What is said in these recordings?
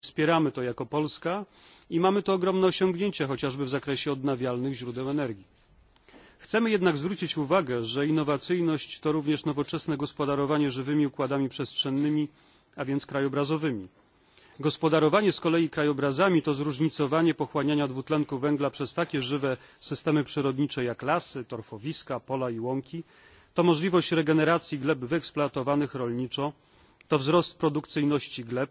Wspieramy to jako Polska i mamy to ogromne osiągnięcie chociażby w zakresie odnawialnych źródeł energii. Chcemy jednak zwrócić uwagę, że innowacyjność to również nowoczesne gospodarowanie żywymi układami przestrzennymi, a więc krajobrazowymi. Gospodarowanie z kolei krajobrazami to zróżnicowanie pochłaniania dwutlenku węgla przez takie żywe systemy przyrodnicze jak lasy, torfowiska, pola i łąki. To możliwość regeneracji gleb wyeksploatowanych rolniczo, to wzrost produkcyjności gleb,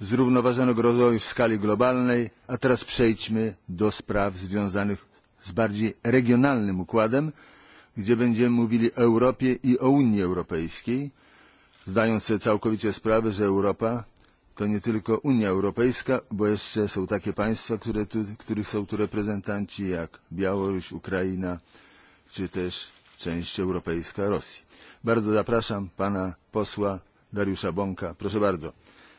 zrównoważonego rozwoju w skali globalnej, a teraz przejdźmy do spraw związanych z bardziej regionalnym układem, gdzie będziemy mówili o Europie i o Unii Europejskiej, zdając sobie całkowicie sprawę, że Europa to nie tylko Unia Europejska, bo jeszcze są takie państwa, które tu, których są tu reprezentanci, jak Białoruś, Ukraina, czy też część europejska Rosji. Bardzo zapraszam pana posła Dariusza Bąka. Proszę bardzo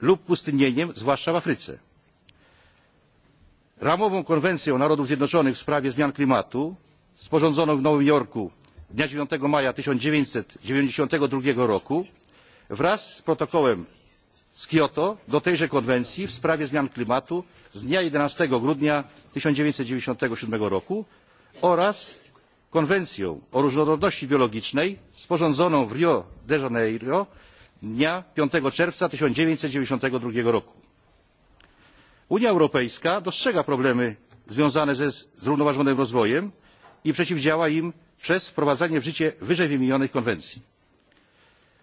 lub pustynnieniem, zwłaszcza w Afryce. Ramową konwencję Narodów Zjednoczonych w sprawie zmian klimatu, sporządzoną w Nowym Jorku dnia 9 maja 1992 roku, wraz z protokołem z Kioto do tejże konwencji w sprawie zmian klimatu z dnia 11 grudnia 1997 roku oraz konwencją o różnorodności biologicznej sporządzoną w Rio de Janeiro dnia 5 czerwca 1992 roku. Unia Europejska dostrzega problemy związane ze zrównoważonym rozwojem i przeciwdziała im przez wprowadzanie w życie wyżej wymienionych konwencji.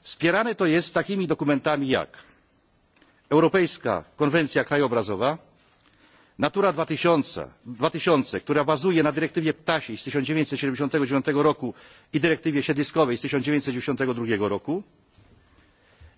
Wspierane to jest takimi dokumentami jak Europejska Konwencja Krajobrazowa, Natura dwa tysiące, która bazuje na dyrektywie ptasiej z tysiąc dziewięćset 1979 dziewięć roku i dyrektywie siedliskowej z tysiąc dziewięćset 1992 roku,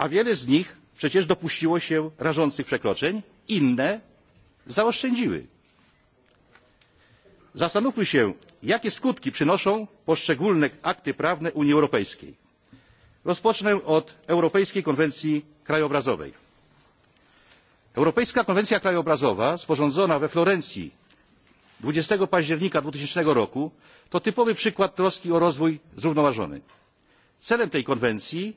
a wiele z nich przecież dopuściło się rażących przekroczeń, inne zaoszczędziły. Zastanówmy się, jakie skutki przynoszą poszczególne akty prawne Unii Europejskiej. Rozpocznę od Europejskiej Konwencji Krajobrazowej. Europejska Konwencja Krajobrazowa, sporządzona we Florencji 20 października 2000 roku, to typowy przykład troski o rozwój zrównoważony. Celem tej konwencji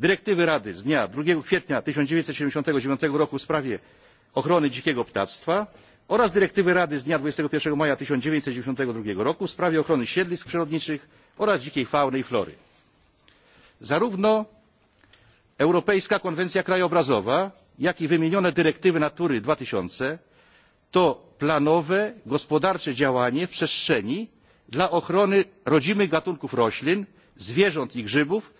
dyrektywy rady z dnia dwa kwietnia tysiąc dziewięćset siedemdziesiąt dziewięć roku w sprawie ochrony dzikiego ptactwa oraz dyrektywy rady z dnia dwadzieścia jeden maja tysiąc dziewięćset dziewięćdzisiąt dwa roku w sprawie ochrony siedlisk przyrodniczych oraz dzikiej fauny i flory. zarówno europejska konwencja krajobrazowa jak i wymienione dyrektywy natury dwa tysiące to planowe gospodarcze działanie w przestrzeni dla ochrony rodzimych gatunków roślin zwierząt i grzybów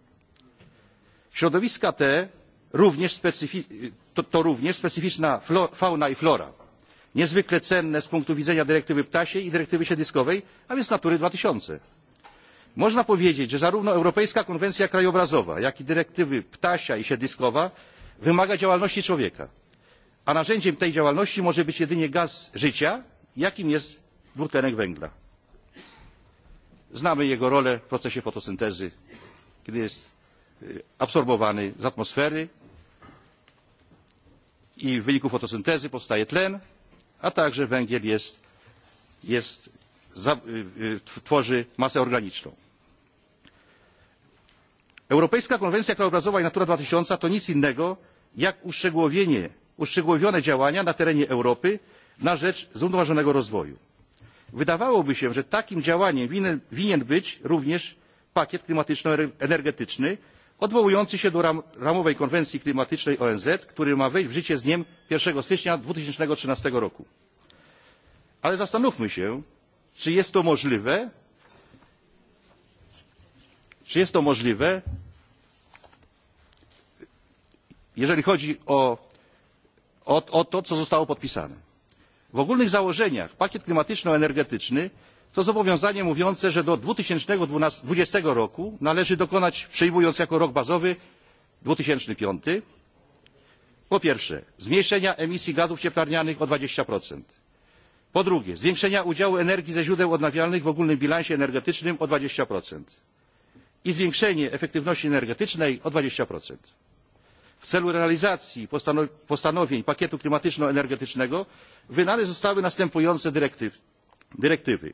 Środowiska te to również specyficzna fauna i flora, niezwykle cenne z punktu widzenia dyrektywy ptasiej i dyrektywy siedliskowej, a więc Natury dwa tysiące. Można powiedzieć, że zarówno Europejska Konwencja Krajobrazowa, jak i dyrektywy ptasia i siedliskowa wymaga działalności człowieka, a narzędziem tej działalności może być jedynie gaz życia, jakim jest dwutlenek węgla. Znamy jego rolę w procesie fotosyntezy, kiedy jest absorbowany z atmosfery i w wyniku fotosyntezy powstaje tlen, a także węgiel tworzy masę organiczną. Europejska Konwencja Krajobrazowa i Natura tysiące to nic innego jak uszczegółowione działania na terenie Europy na rzecz zrównoważonego rozwoju. Wydawałoby się, że takim działaniem winien być również pakiet klimatyczno-energetyczny, odwołujący się do ramowej konwencji klimatycznej onz który ma wejść w życie z dniem jeden stycznia dwa tysiące trzynaście roku ale zastanówmy się czy jest to możliwe czy jest to możliwe jeżeli chodzi o to co zostało podpisane. w ogólnych założeniach pakiet klimatyczno energetyczny To zobowiązanie mówiące, że do 2020 roku należy dokonać, przyjmując jako rok bazowy 2005, po pierwsze, zmniejszenia emisji gazów cieplarnianych o 20%. Po drugie, zwiększenia udziału energii ze źródeł odnawialnych w ogólnym bilansie energetycznym o 20% i zwiększenie efektywności energetycznej o 20%. W celu realizacji postanowień pakietu klimatyczno-energetycznego wydane zostały następujące dyrektywy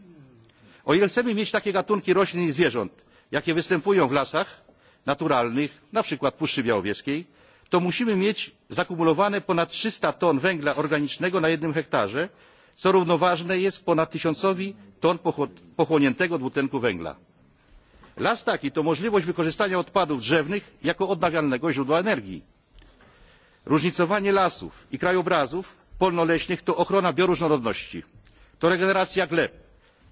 o ile chcemy mieć takie gatunki roślin i zwierząt jakie występują w lasach naturalnych na przykład puszczy białowieskiej to musimy mieć zakumulowane ponad trzysta ton węgla organicznego na jednym hektarze co równoważne jest ponad tysiącowi ton pochłoniętego dwutlenku węgla. las taki to możliwość wykorzystania odpadów drzewnych jako odnawialnego źródła energii. różnicowanie lasów i krajobrazów polno leśnych to ochrona bioróżnorodności to regeneracja gleb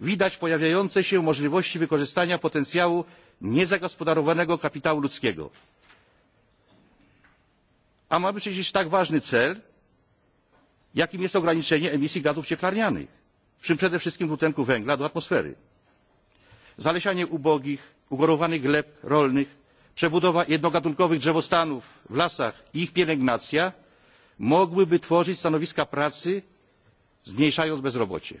widać pojawiające się możliwości wykorzystania potencjału niezagospodarowanego kapitału ludzkiego. A mamy przecież tak ważny cel, jakim jest ograniczenie emisji gazów cieplarnianych, w czym przede wszystkim dwutlenku węgla do atmosfery. Zalesianie ubogich, ugorowanych gleb rolnych, przebudowa jednogatunkowych drzewostanów w lasach i ich pielęgnacja mogłyby tworzyć stanowiska pracy, zmniejszając bezrobocie.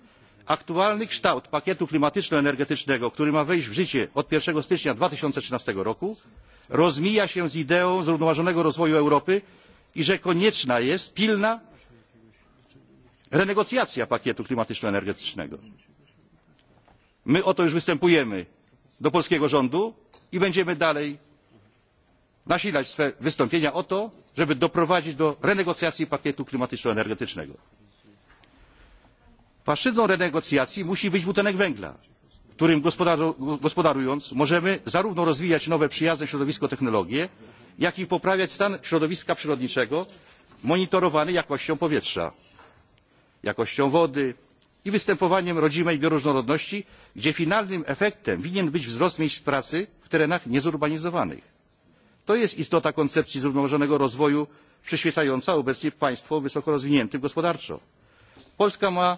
aktualny kształt pakietu klimatyczno energetycznego który ma wejść w życie od jeden stycznia dwa tysiące trzynaście roku rozmija się z ideą zrównoważonego rozwoju europy i że konieczna jest pilna renegocjacja pakietu klimatyczno energetycznego. my o to już występujemy do polskiego rządu i będziemy dalej nasilać swe wystąpienia o to żeby doprowadzić do renegocjacji pakietu klimatyczno energetycznego. Płaszczyzną renegocjacji musi być dwutlenek węgla, którym gospodarując możemy zarówno rozwijać nowe przyjazne środowisko technologie, jak i poprawiać stan środowiska przyrodniczego monitorowany jakością powietrza, jakością wody i występowaniem rodzimej bioróżnorodności, gdzie finalnym efektem winien być wzrost miejsc pracy w terenach niezurbanizowanych. To jest istota koncepcji zrównoważonego rozwoju przyświecająca obecnie państwom wysoko rozwiniętym gospodarczo. Polska ma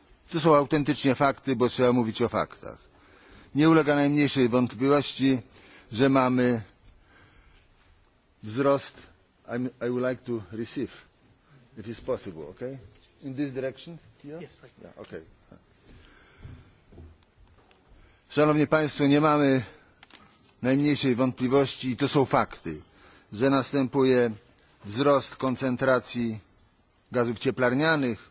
To są autentycznie fakty, bo trzeba mówić o faktach. Nie ulega najmniejszej wątpliwości, że mamy wzrost. I would like to receive, if it's possible, okay? In this direction? Here? Yes, right. Yeah, okay. Szanowni Państwo, nie mamy najmniejszej wątpliwości i to są fakty, że następuje wzrost koncentracji gazów cieplarnianych,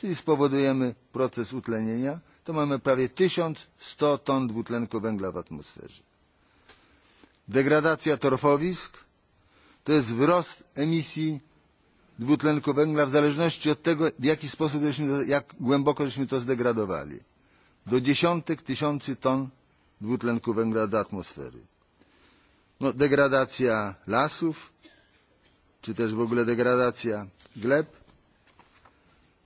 czyli spowodujemy proces utlenienia, to mamy prawie 1100 ton dwutlenku węgla w atmosferze. Degradacja torfowisk to jest wzrost emisji dwutlenku węgla w zależności od tego, w jaki sposób, żeśmy, jak głęboko żeśmy to zdegradowali. Do dziesiątek tysięcy ton dwutlenku węgla do atmosfery. No, degradacja lasów, czy też w ogóle degradacja gleb,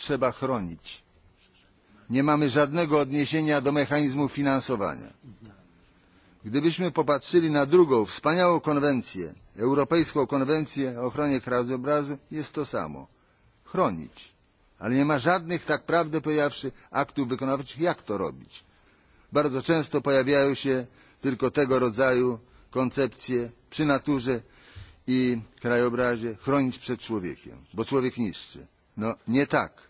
trzeba chronić. Nie mamy żadnego odniesienia do mechanizmu finansowania. Gdybyśmy popatrzyli na drugą wspaniałą konwencję, Europejską Konwencję o ochronie krajobrazu, jest to samo. Chronić. Ale nie ma żadnych, tak prawdę pojawszy, aktów wykonawczych, jak to robić. Bardzo często pojawiają się tylko tego rodzaju koncepcje przy naturze i krajobrazie chronić przed człowiekiem, bo człowiek niszczy. No nie tak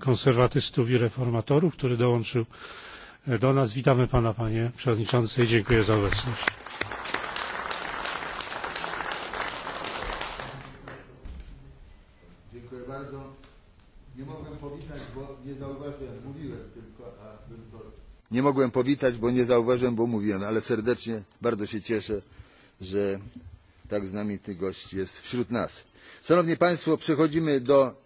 konserwatystów i reformatorów, który dołączył do nas. Witamy Pana, Panie Przewodniczący i dziękuję za obecność. Dziękuję bardzo. Nie mogłem powitać, bo nie zauważyłem, mówiłem tylko, a bym to... Nie mogłem powitać, bo nie zauważyłem, bo mówiłem, ale serdecznie bardzo się cieszę, że tak znamity gość jest wśród nas. Szanowni Państwo, przechodzimy do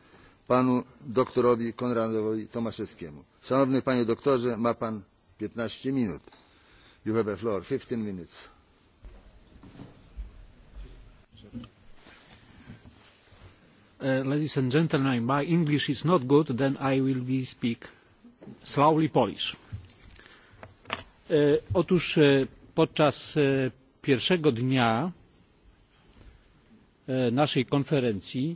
panu doktorowi Konradowi Tomaszewskiemu. Szanowny panie doktorze, ma pan 15 minut. You have a floor, 15 minutes. Uh, ladies and gentlemen, my English is not good, then I will be speak slowly Polish. Uh, Otóż uh, podczas uh, pierwszego dnia uh, naszej konferencji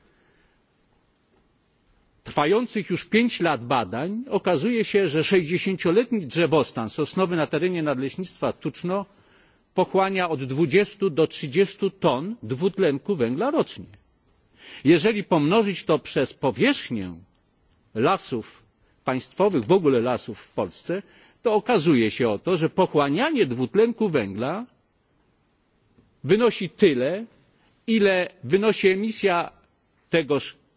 trwających już pięć lat badań okazuje się, że 60-letni drzewostan sosnowy na terenie nadleśnictwa Tuczno pochłania od 20 do 30 ton dwutlenku węgla rocznie. Jeżeli pomnożyć to przez powierzchnię lasów państwowych, w ogóle lasów w Polsce, to okazuje się oto, że pochłanianie dwutlenku węgla wynosi tyle, ile wynosi emisja tegoż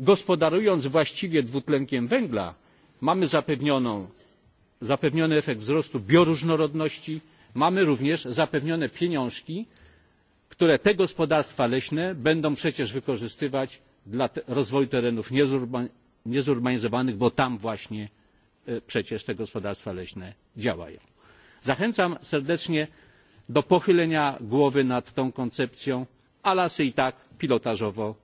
gospodarując właściwie dwutlenkiem węgla mamy zapewniony efekt wzrostu bioróżnorodności mamy również zapewnione pieniążki które te gospodarstwa leśne będą przecież wykorzystywać dla rozwoju terenów niezurbanizowanych bo tam właśnie przecież te gospodarstwa leśne działają. zachęcam serdecznie do pochylenia głowy nad tą koncepcją a lasy i tak pilotażowo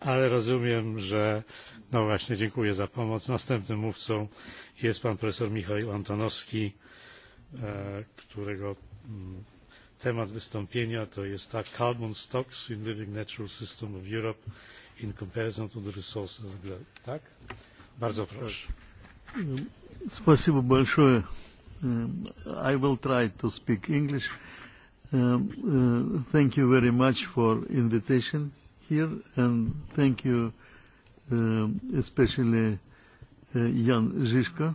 ale rozumiem, że no właśnie dziękuję za pomoc. Następnym mówcą jest pan profesor Michał Antonowski, którego temat wystąpienia to jest tak carbon stocks in living natural system of Europe in comparison to the resources of the globe. Tak? Bardzo proszę. Спасибо большое. I will try to speak English. Um, uh, thank you very much for invitation here, and thank you uh especially uh, Jan Žižka,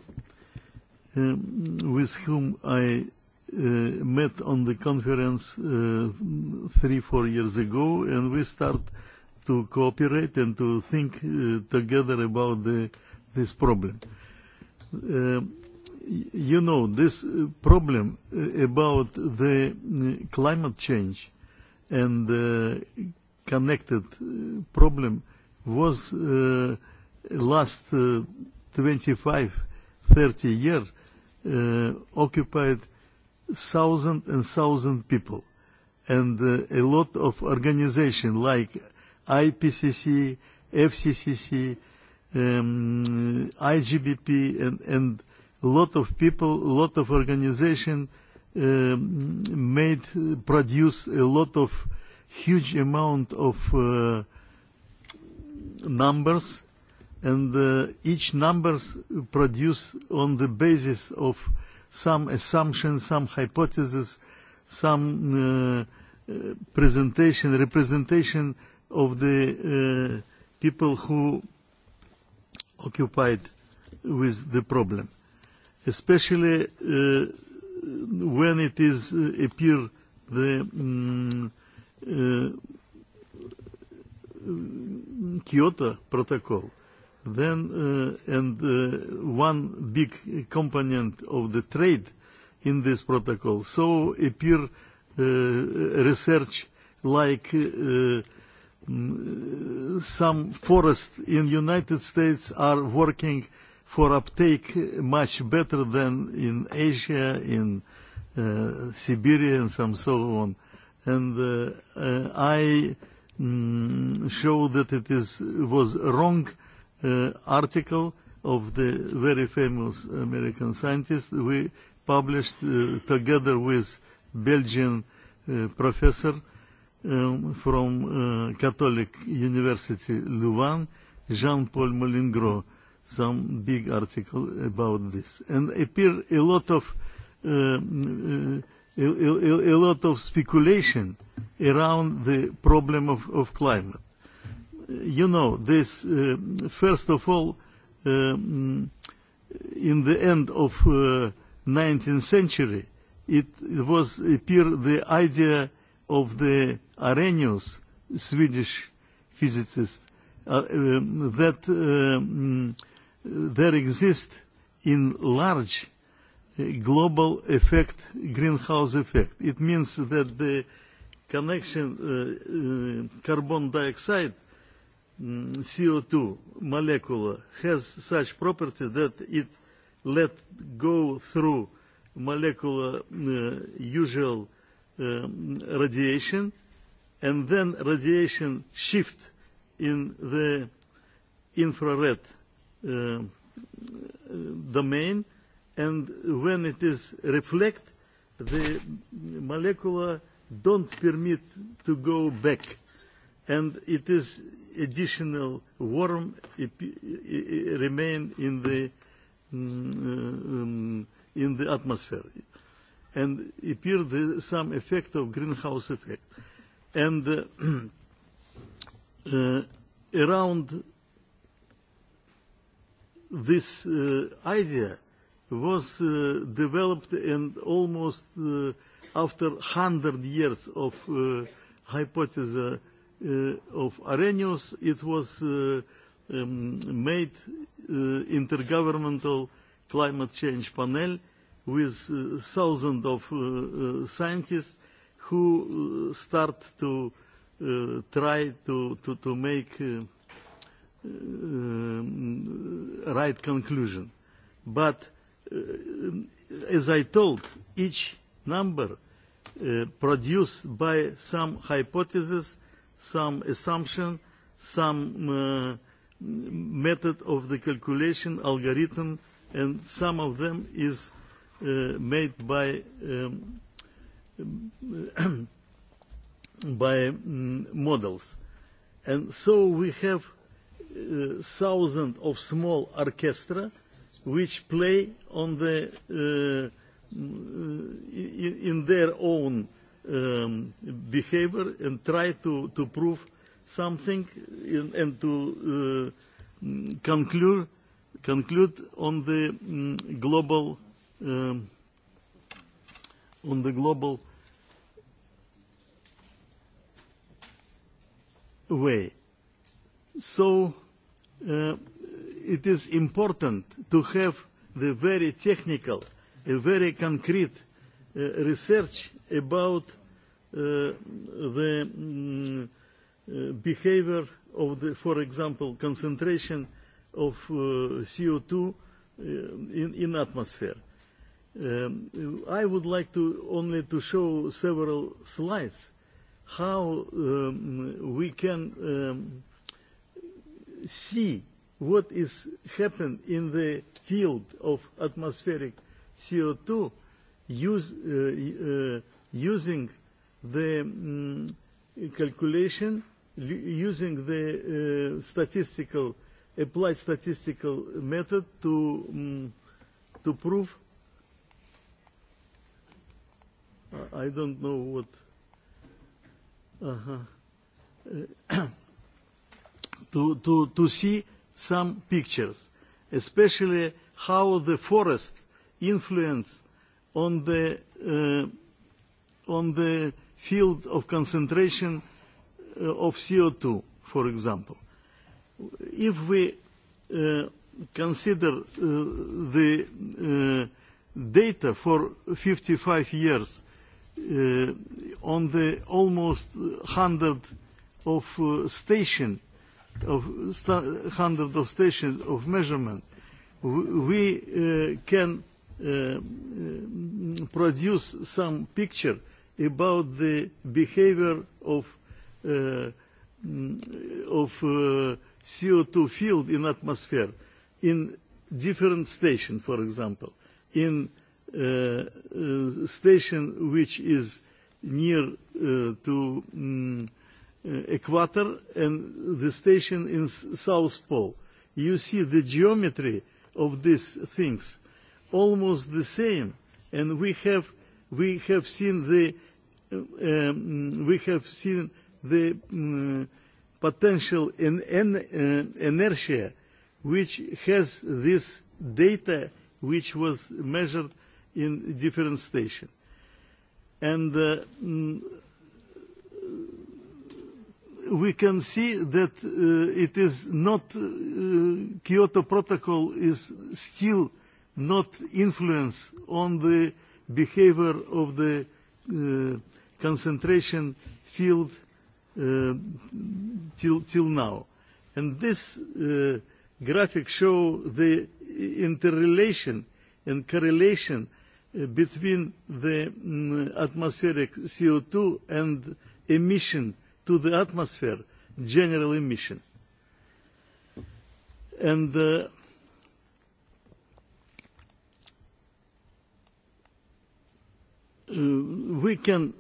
um, with whom I uh, met on the conference uh, three, four years ago, and we start to cooperate and to think uh, together about the, this problem. Uh, you know, this problem about the climate change and uh, connected problem was uh, last uh, 25, 30 years uh, occupied thousand and thousand people. And uh, a lot of organization like IPCC, FCCC, um, IGBP, and, and lot of people, a lot of organization uh, made, produce a lot of huge amount of uh, numbers and uh, each numbers produced on the basis of some assumptions, some hypotheses, some uh, presentation, representation of the uh, people who occupied with the problem especially uh, when it is uh, appear the um, uh, Kyoto Protocol, then uh, and uh, one big component of the trade in this protocol. So appear uh, research like uh, some forests in United States are working uh, for uptake much better than in Asia, in uh, Siberia, and some so on. And uh, uh, I mm, show that it is was wrong uh, article of the very famous American scientist we published uh, together with Belgian uh, professor um, from uh, Catholic University Louvain, Jean-Paul Molingro. mm some big article about this. And appear a lot of uh, a, a, a lot of speculation around the problem of, of climate. You know, this uh, first of all, um, in the end of uh, 19th century, it, it was appear the idea of the Arrhenius, Swedish physicist, uh, um, that. Um, there exists in large global effect, greenhouse effect. It means that the connection uh, uh, carbon dioxide CO2 molecule has such property that it let go through molecular uh, usual um, radiation and then radiation shift in the infrared uh, uh, domain, and when it is reflect, the molecule don't permit to go back, and it is additional warm remain in the um, in the atmosphere, and appear the, some effect of greenhouse effect, and uh, uh, around this uh, idea was uh, developed and almost uh, after 100 years of uh, hypothesis uh, of Arrhenius, it was uh, um, made uh, intergovernmental climate change panel with uh, thousands of uh, uh, scientists who uh, start to uh, try to, to, to make uh, right conclusion. But uh, as I told, each number uh, produced by some hypothesis, some assumption, some uh, method of the calculation algorithm, and some of them is uh, made by um, by um, models. And so we have uh, of small orchestra which play on the uh, in, in their own um, behavior and try to, to prove something in, and to uh, conclude conclude on the um, global um, on the global way. So it is important to have the very technical, a very concrete uh, research about uh, the um, uh, behavior of the, for example, concentration of uh, CO2 uh, in, in atmosphere. Um, I would like to only to show several slides how um, we can um, see what is happened in the field of atmospheric CO2 use, uh, uh, using the um, calculation, using the uh, statistical, applied statistical method to, um, to prove I don't know what. Uh-huh to, to, to see some pictures, especially how the forest influence on the, uh, on the field of concentration of CO2, for example. If we uh, consider uh, the uh, data for 55 years uh, on the almost 100 of uh, stations of standard of station of measurement, we uh can produce some picture about the behavior of uh of uh CO2 field in atmosphere in different station, for example, in uh, station which is near uh to equator and the station in South Pole. You see the geometry of these things almost the same, and we have we have seen the um, we have seen the um, potential in, in uh, inertia, which has this data which was measured in different station, and. Uh, we can see that uh, it is not uh, Kyoto Protocol is still not influence on the behavior of the uh, concentration field uh, till till now, and this uh, graphic show the interrelation and correlation between the atmospheric CO2 and emission uh, to the atmosphere, general emission. And uh, uh, we can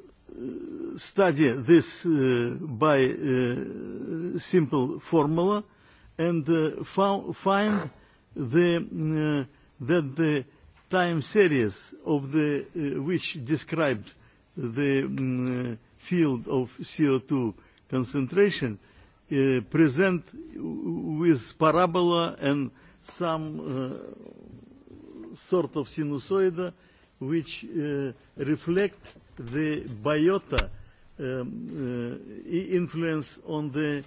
study this uh, by uh, simple formula and uh, find the, uh, that the time series of the uh, which described the uh, field of CO2 concentration uh, present with parabola and some uh, sort of sinusoid which uh, reflect the biota um, uh, influence on the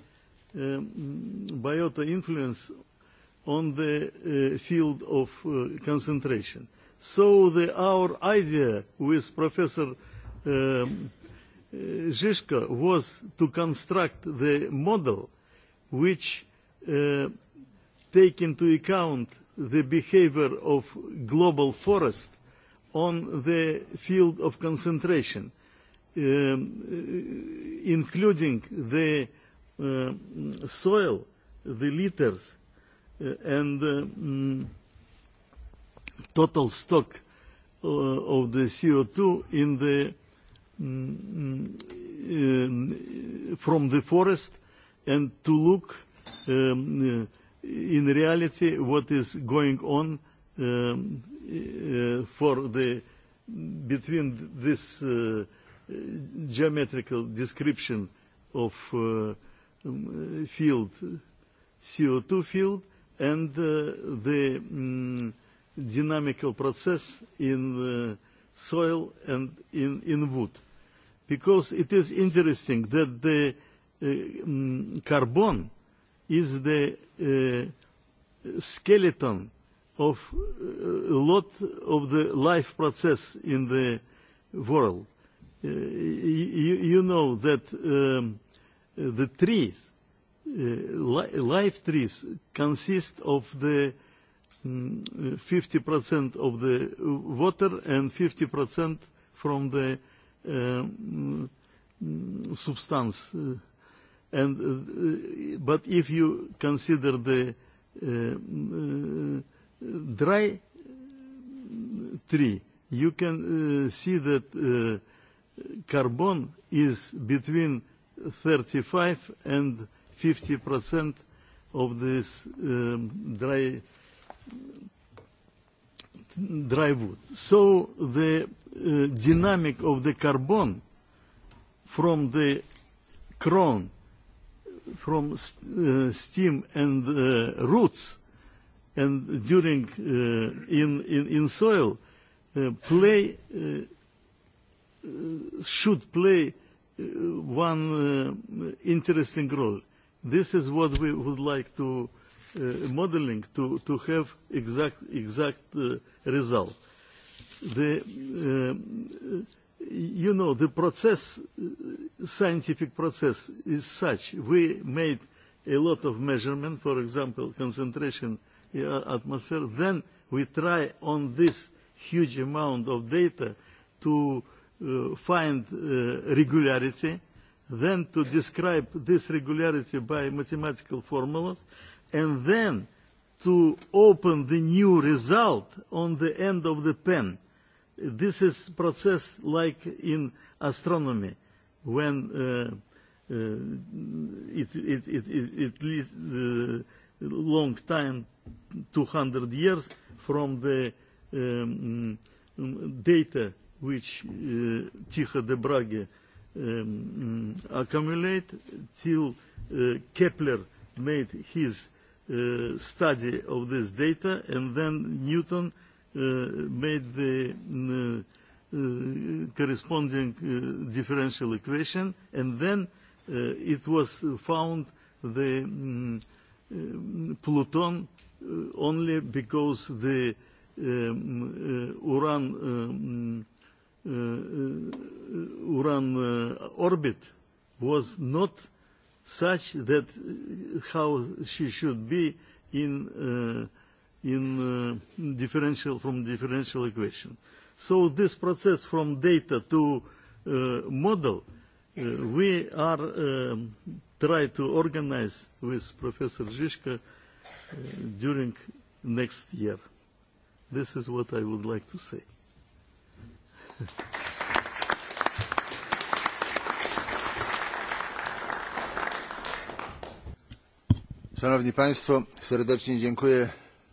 um, biota influence on the uh, field of uh, concentration. So the, our idea with Professor um, Zizka was to construct the model which uh, take into account the behavior of global forest on the field of concentration, um, including the uh, soil, the litters, uh, and uh, mm, total stock uh, of the CO2 in the from the forest and to look um, in reality what is going on um, uh, for the between this uh, geometrical description of uh, field CO2 field and uh, the um, dynamical process in uh, soil and in, in wood. Uh, because it is interesting that the uh, um, carbon is the uh, skeleton of a lot of the life process in the world. Uh, you, you know that um, the trees, uh, li live trees, consist of the 50% of the water and 50% from the uh, substance. And, uh, but if you consider the uh, uh, dry tree, you can uh, see that uh, carbon is between 35 and 50 percent of this um, dry dry wood. So the dynamic of the carbon from the crown, from uh, stem and uh, roots, and during uh, in, in in soil, uh, play uh, should play one uh, interesting role. This is what we would like to uh, modeling to to have exact exact uh, result the you know the process scientific process is such we made a lot of measurement for example concentration in atmosphere then we try on this huge amount of data to uh, find uh, regularity then to describe this regularity by mathematical formulas and then to open the new result on the end of the pen This is process like in astronomy, when uh, uh, it, it, it, it, it leads uh, long time, 200 years from the um, data which uh, Tycho de Brage um, accumulate till uh, Kepler made his uh, study of this data and then Newton uh, made the uh, uh corresponding uh, differential equation, and then uh, it was found the um, uh, Pluton uh, only because the um, uh, Uran um, uh, Uran uh, orbit was not such that how she should be in uh, in uh, differential from differential equation. So this process from data to uh, model, uh, we are um, try to organize with Professor Zizka uh, during next year. This is what I would like to say. Szanowni Państwo, serdecznie dziękuję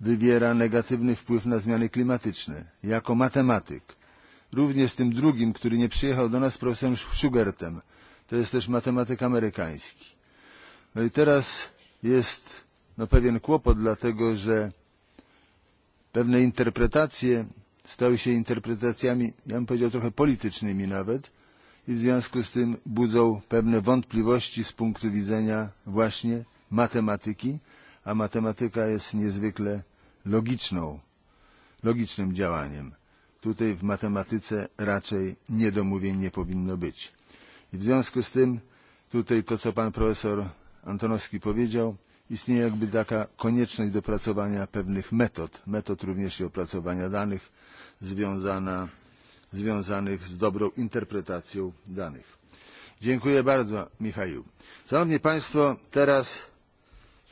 wywiera negatywny wpływ na zmiany klimatyczne. Jako matematyk, również tym drugim, który nie przyjechał do nas, profesorem Schugertem, to jest też matematyk amerykański. No i teraz jest no, pewien kłopot, dlatego że pewne interpretacje stały się interpretacjami, ja bym powiedział, trochę politycznymi nawet i w związku z tym budzą pewne wątpliwości z punktu widzenia właśnie matematyki, a matematyka jest niezwykle logiczną, logicznym działaniem. Tutaj w matematyce raczej niedomówień nie powinno być. I w związku z tym tutaj to, co pan profesor Antonowski powiedział, istnieje jakby taka konieczność dopracowania pewnych metod, metod również i opracowania danych związana, związanych z dobrą interpretacją danych. Dziękuję bardzo, Michał. Szanowni Państwo, teraz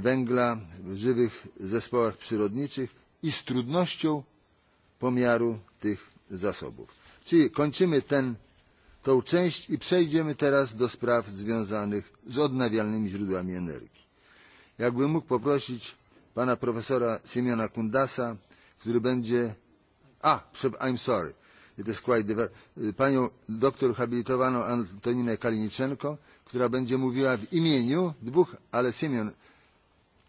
węgla w żywych zespołach przyrodniczych i z trudnością pomiaru tych zasobów. Czyli kończymy ten, tą część i przejdziemy teraz do spraw związanych z odnawialnymi źródłami energii. Jakbym mógł poprosić pana profesora Siemiona Kundasa, który będzie... A, I'm sorry. It is quite Panią doktor habilitowaną Antoninę Kaliniczenko, która będzie mówiła w imieniu dwóch, ale Siemion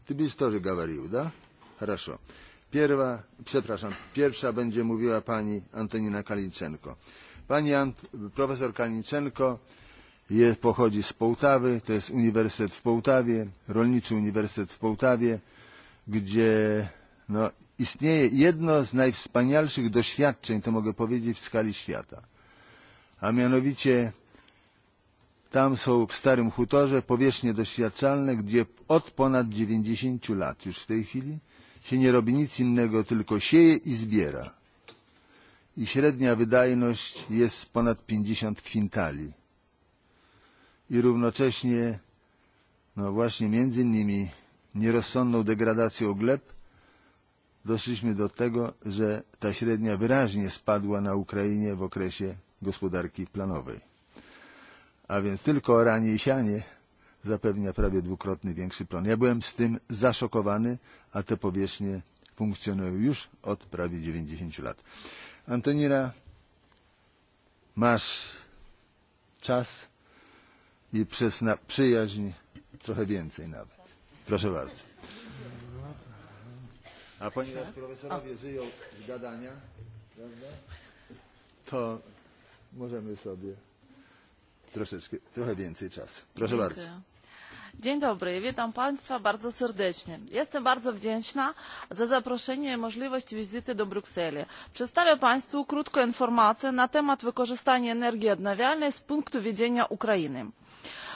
Ty byś też gawarił, da? Хорошо. Pierwa, przepraszam, pierwsza będzie mówiła pani Antonina Kalinczenko. Pani Ant, profesor Kalinczenko je, pochodzi z Połtawy, to jest Uniwersytet w Połtawie, Rolniczy Uniwersytet w Połtawie, gdzie no, istnieje jedno z najwspanialszych doświadczeń, to mogę powiedzieć, w skali świata. A mianowicie Tam są w Starym Hutorze powierzchnie doświadczalne, gdzie od ponad 90 lat już w tej chwili się nie robi nic innego, tylko sieje i zbiera. I średnia wydajność jest ponad 50 kwintali. I równocześnie, no właśnie między innymi nierozsądną degradacją gleb, doszliśmy do tego, że ta średnia wyraźnie spadła na Ukrainie w okresie gospodarki planowej a więc tylko ranie i sianie zapewnia prawie dwukrotnie większy plon. Ja byłem z tym zaszokowany, a te powierzchnie funkcjonują już od prawie 90 lat. Antonina, masz czas i przez na przyjaźń trochę więcej nawet. Proszę bardzo. A ponieważ profesorowie żyją w gadania, prawda, to możemy sobie troszeczkę, trochę więcej czasu. Proszę Dziękuję. bardzo. Dzień dobry, witam Państwa bardzo serdecznie. Jestem bardzo wdzięczna za zaproszenie i możliwość wizyty do Brukseli. Przedstawię Państwu krótką informację na temat wykorzystania energii odnawialnej z punktu widzenia Ukrainy.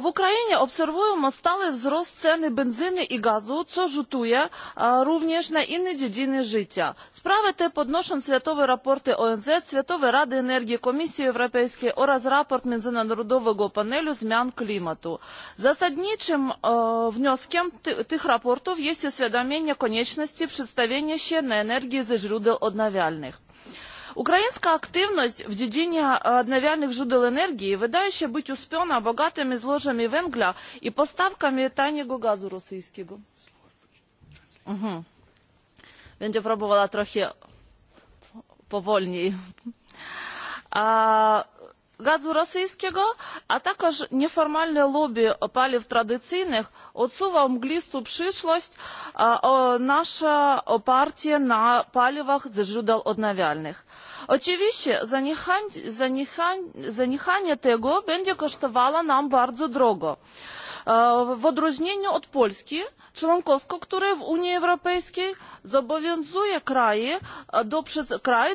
W Ukrainie obserwujemy stały wzrost ceny benzyny i gazu, co rzutuje również na inne dziedziny życia. Sprawy te podnoszą światowe raporty ONZ, Światowej Rady Energii, Komisji Europejskiej oraz raport Międzynarodowego Panelu Zmian Klimatu. Zasadniczym wnioskiem tych raportów jest uświadomienie konieczności przedstawienia się na energię ze źródeł odnawialnych. Украинская активность в dziedzinie odnawialnych źródeł energii wydaje się być uspiona bogatymi złożami węgla i postawkami taniego gazu rosyjskiego. Będzie próbowała trochę powolniej. A gazu rosyjskiego a także nieformalne lobby paliw tradycyjnych odsuwa w mglistą przyszłość nasze oparcie na paliwach ze źródeł odnawialnych. oczywiście zaniechanie tego będzie kosztowało nam bardzo drogo. w odróżnieniu od polski członkowską które w unii europejskiej zobowiązuje kraje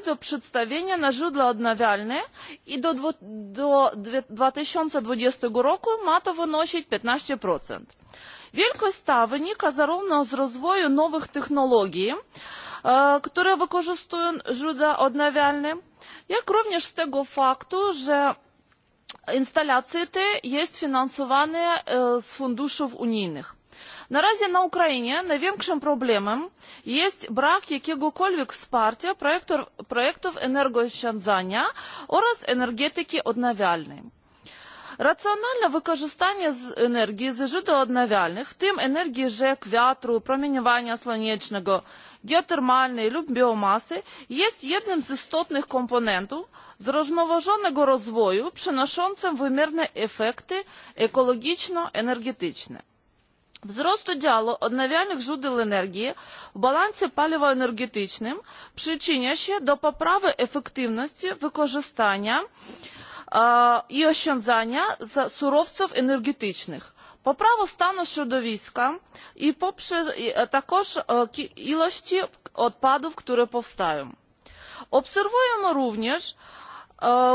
do przedstawienia na źródła odnawialne i do dwa tysiące dwadzieścia roku ma to wynosić. piętnaście wielkość ta wynika zarówno z rozwoju nowych technologii które wykorzystują źródła odnawialne jak również z tego faktu że instalacje te są finansowane z funduszy unijnych Na razie na Ukrainie największym problemem jest brak jakiegokolwiek wsparcia projektów energooszczędzania oraz energetyki odnawialnej. Racjonalne wykorzystanie energii ze źródeł odnawialnych, w tym energii rzek, wiatru, promieniowania słonecznego, geotermalnej lub biomasy, jest jednym z istotnych komponentów zrównoważonego rozwoju przynoszącym wymierne efekty ekologiczno-energetyczne Wzrost udziału odnawialnych źródeł energii w balansie paliwo energetycznym przyczynia się do poprawy efektywności wykorzystania i oszczędzania surowców energetycznych, poprawy stanu środowiska i także ilości odpadów, które powstają. Obserwujemy również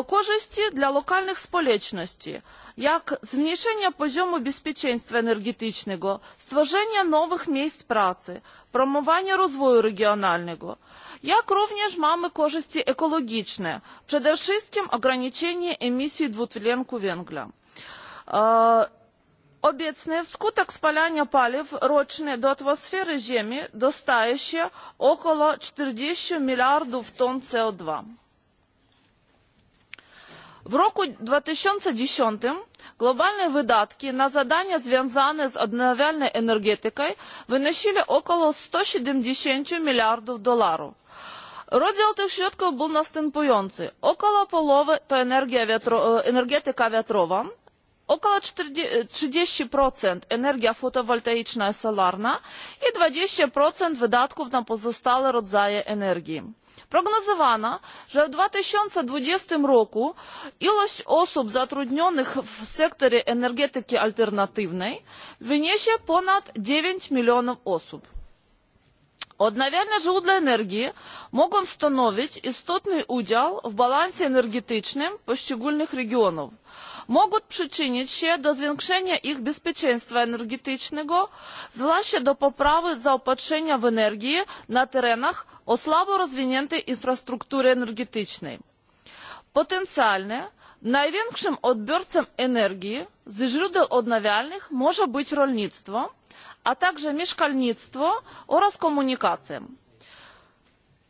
korzyści dla lokalnych społeczności jak zmniejszenie poziomu bezpieczeństwa energetycznego stworzenie nowych miejsc pracy promowanie rozwoju regionalnego jak również mamy korzyści ekologiczne przede wszystkim ograniczenie emisji dwutlenku węgla. obecnie wskutek spalania paliw rocznie do atmosfery ziemi dostaje się około czterdzieści miliardów ton co w roku dwa tysiące dziesięć globalne wydatki na zadania związane z odnawialną energetyką wynosiły około sto siedemdziesiąt miliardów dolarów. Rozdział tych środków był następujący. Około połowy to energetyka wiatrowa, około 30% energia fotowoltaiczna i solarna i 20% wydatków na pozostałe rodzaje energii Prognozowano, że w 2020 roku ilość osób zatrudnionych w sektorze energetyki alternatywnej wyniesie ponad dziewięć milionów osób. Odnawialne źródła energii mogą stanowić istotny udział w balansie energetycznym poszczególnych regionów. Mogą przyczynić się do zwiększenia ich bezpieczeństwa energetycznego, zwłaszcza do poprawy zaopatrzenia w energię na terenach o słabo rozwiniętej infrastrukturze energetycznej. potencjalnie największym odbiorcą energii ze źródeł odnawialnych może być rolnictwo a także mieszkalnictwo oraz komunikacja.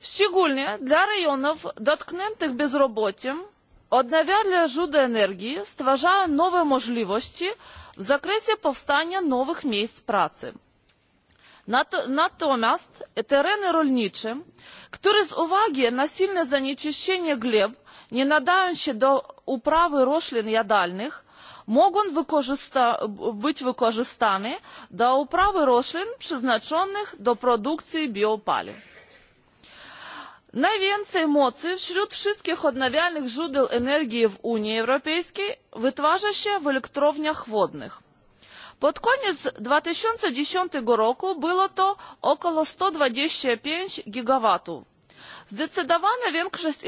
szczególnie dla rejonów dotkniętych bezrobociem odnawialne źródła energii stwarzają nowe możliwości w zakresie powstania nowych miejsc pracy. Natomiast tereny rolnicze, które z uwagi na silne zanieczyszczenie gleb nie nadają się do uprawy roślin jadalnych, mogą być wykorzystane do uprawy roślin przeznaczonych do produkcji biopaliw. Najwięcej mocy wśród wszystkich odnawialnych źródeł energii w Unii Europejskiej wytwarza się w elektrowniach wodnych Pod koniec dwa tysiące 2010 roku było to około sto dwadzieścia pięć gigawatów. Zdecydowana większość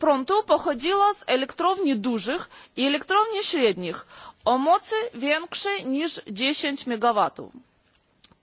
prądu pochodziła z elektrowni dużych i elektrowni średnich o mocy większej niż dziesięć megawatów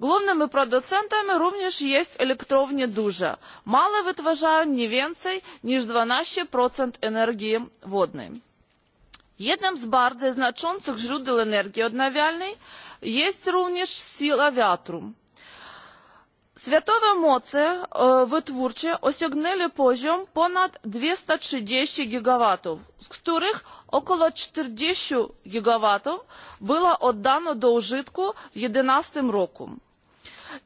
Głównymi producentami również jest elektrownie duże. Małe wytwarzają nie więcej niż 12% energii wodnej. Jednym z bardzo znaczących źródeł energii odnawialnej jest również siła wiatru. Światowe moce wytwórcze osiągnęły poziom ponad 230 GW, z których około 40 gigawatów było oddano do użytku w 2011 roku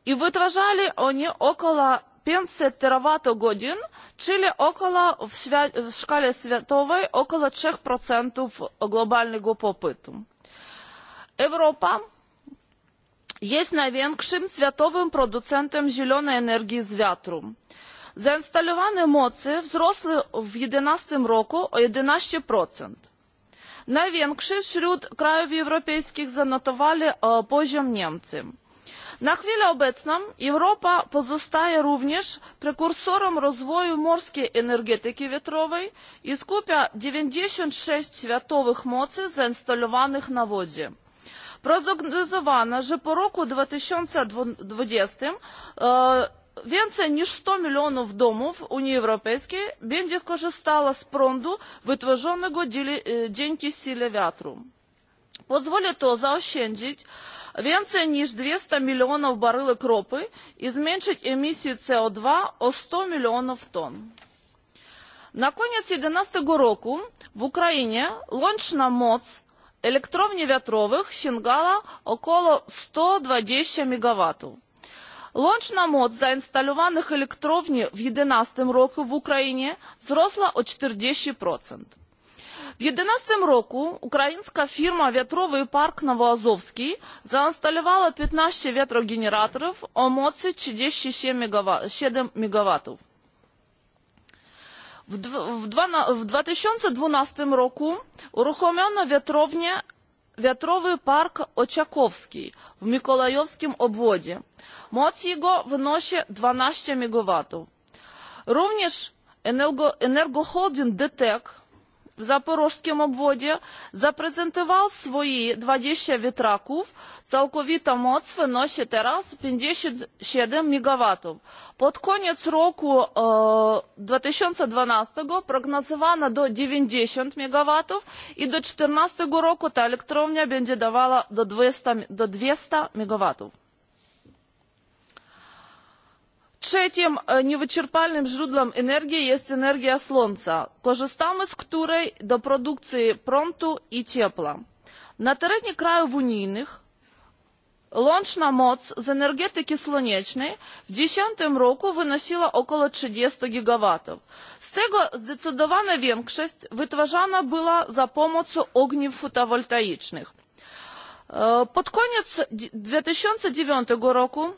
i wytwarzali oni około 500 terawatogodzin, czyli około w, w skali światowej około 3% globalnego popytu. Europa jest największym światowym producentem zielonej energii z wiatru. Zainstalowane moce wzrosły w 2011 roku o 11%. Największy wśród krajów europejskich zanotowali poziom Niemcy. Na chwilę obecną Europa pozostaje również prekursorem rozwoju morskiej energetyki wiatrowej i skupia sześć światowych mocy zainstalowanych na wodzie. Prognozowano, że po roku dwa tysiące 2020 więcej niż sto milionów domów unii europejskiej będzie korzystało z prądu wytworzonego dzięki sile wiatru. pozwoli to zaoszczędzić więcej niż dwieście milionów baryłek ropy i zmniejszyć emisję co dwa o sto milionów ton. na koniec dwa tysiące jedenaście roku w ukrainie łączna moc elektrowni wiatrowych sięgała około sto dwadzieścia megawatów Łączna moc zainstalowanych elektrowni w 2011 roku w Ukrainie wzrosła o 40%. W 2011 roku ukraińska firma Wiatrowy Park Nowoazowski zainstalowała 15 wiatrogeneratorów o mocy 37 MW. W 2012 roku uruchomiono wiatrownię wiatrowy park ociakowski w mikołajowskim obwodzie moc jego wynosi dwanaście mw. również energoholding dtec w zaporoskim obwodzie zaprezentował swoje dwadzieścia wiatraków całkowita moc wynosi teraz pięćdziesiąt siedem megawatów. pod koniec roku dwa tysiące dwanaście prognozowano do dziewięćdzisiąt megawatów i do dwa tysiące czternaście roku ta elektrownia będzie dawała do dwieście megawatów Trzecim niewyczerpalnym źródłem energii jest energia słońca. Korzystamy z której do produkcji prądu i ciepła. Na terenie krajów unijnych łączna moc z energetyki słonecznej w 2010 roku wynosiła około 30 gigawatów. Z tego zdecydowana większość wytwarzana była za pomocą ogniw fotowoltaicznych. Pod koniec 2009 roku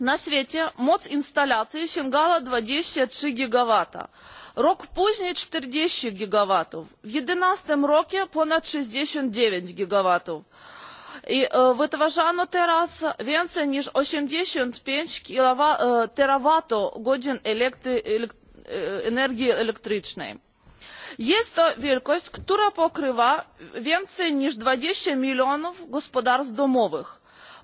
na świecie moc instalacji sięgała dwadzieścia trzy gigawata rok później czterdzieści gigawatów w jedenastym roku ponad sześćdziesiąt dziewięć gigawatów i wytwarzano teraz więcej niż osiemdziesiąt pięć terawatogodzin energii elektrycznej. jest to wielkość która pokrywa więcej niż dwadzieścia milionów gospodarstw domowych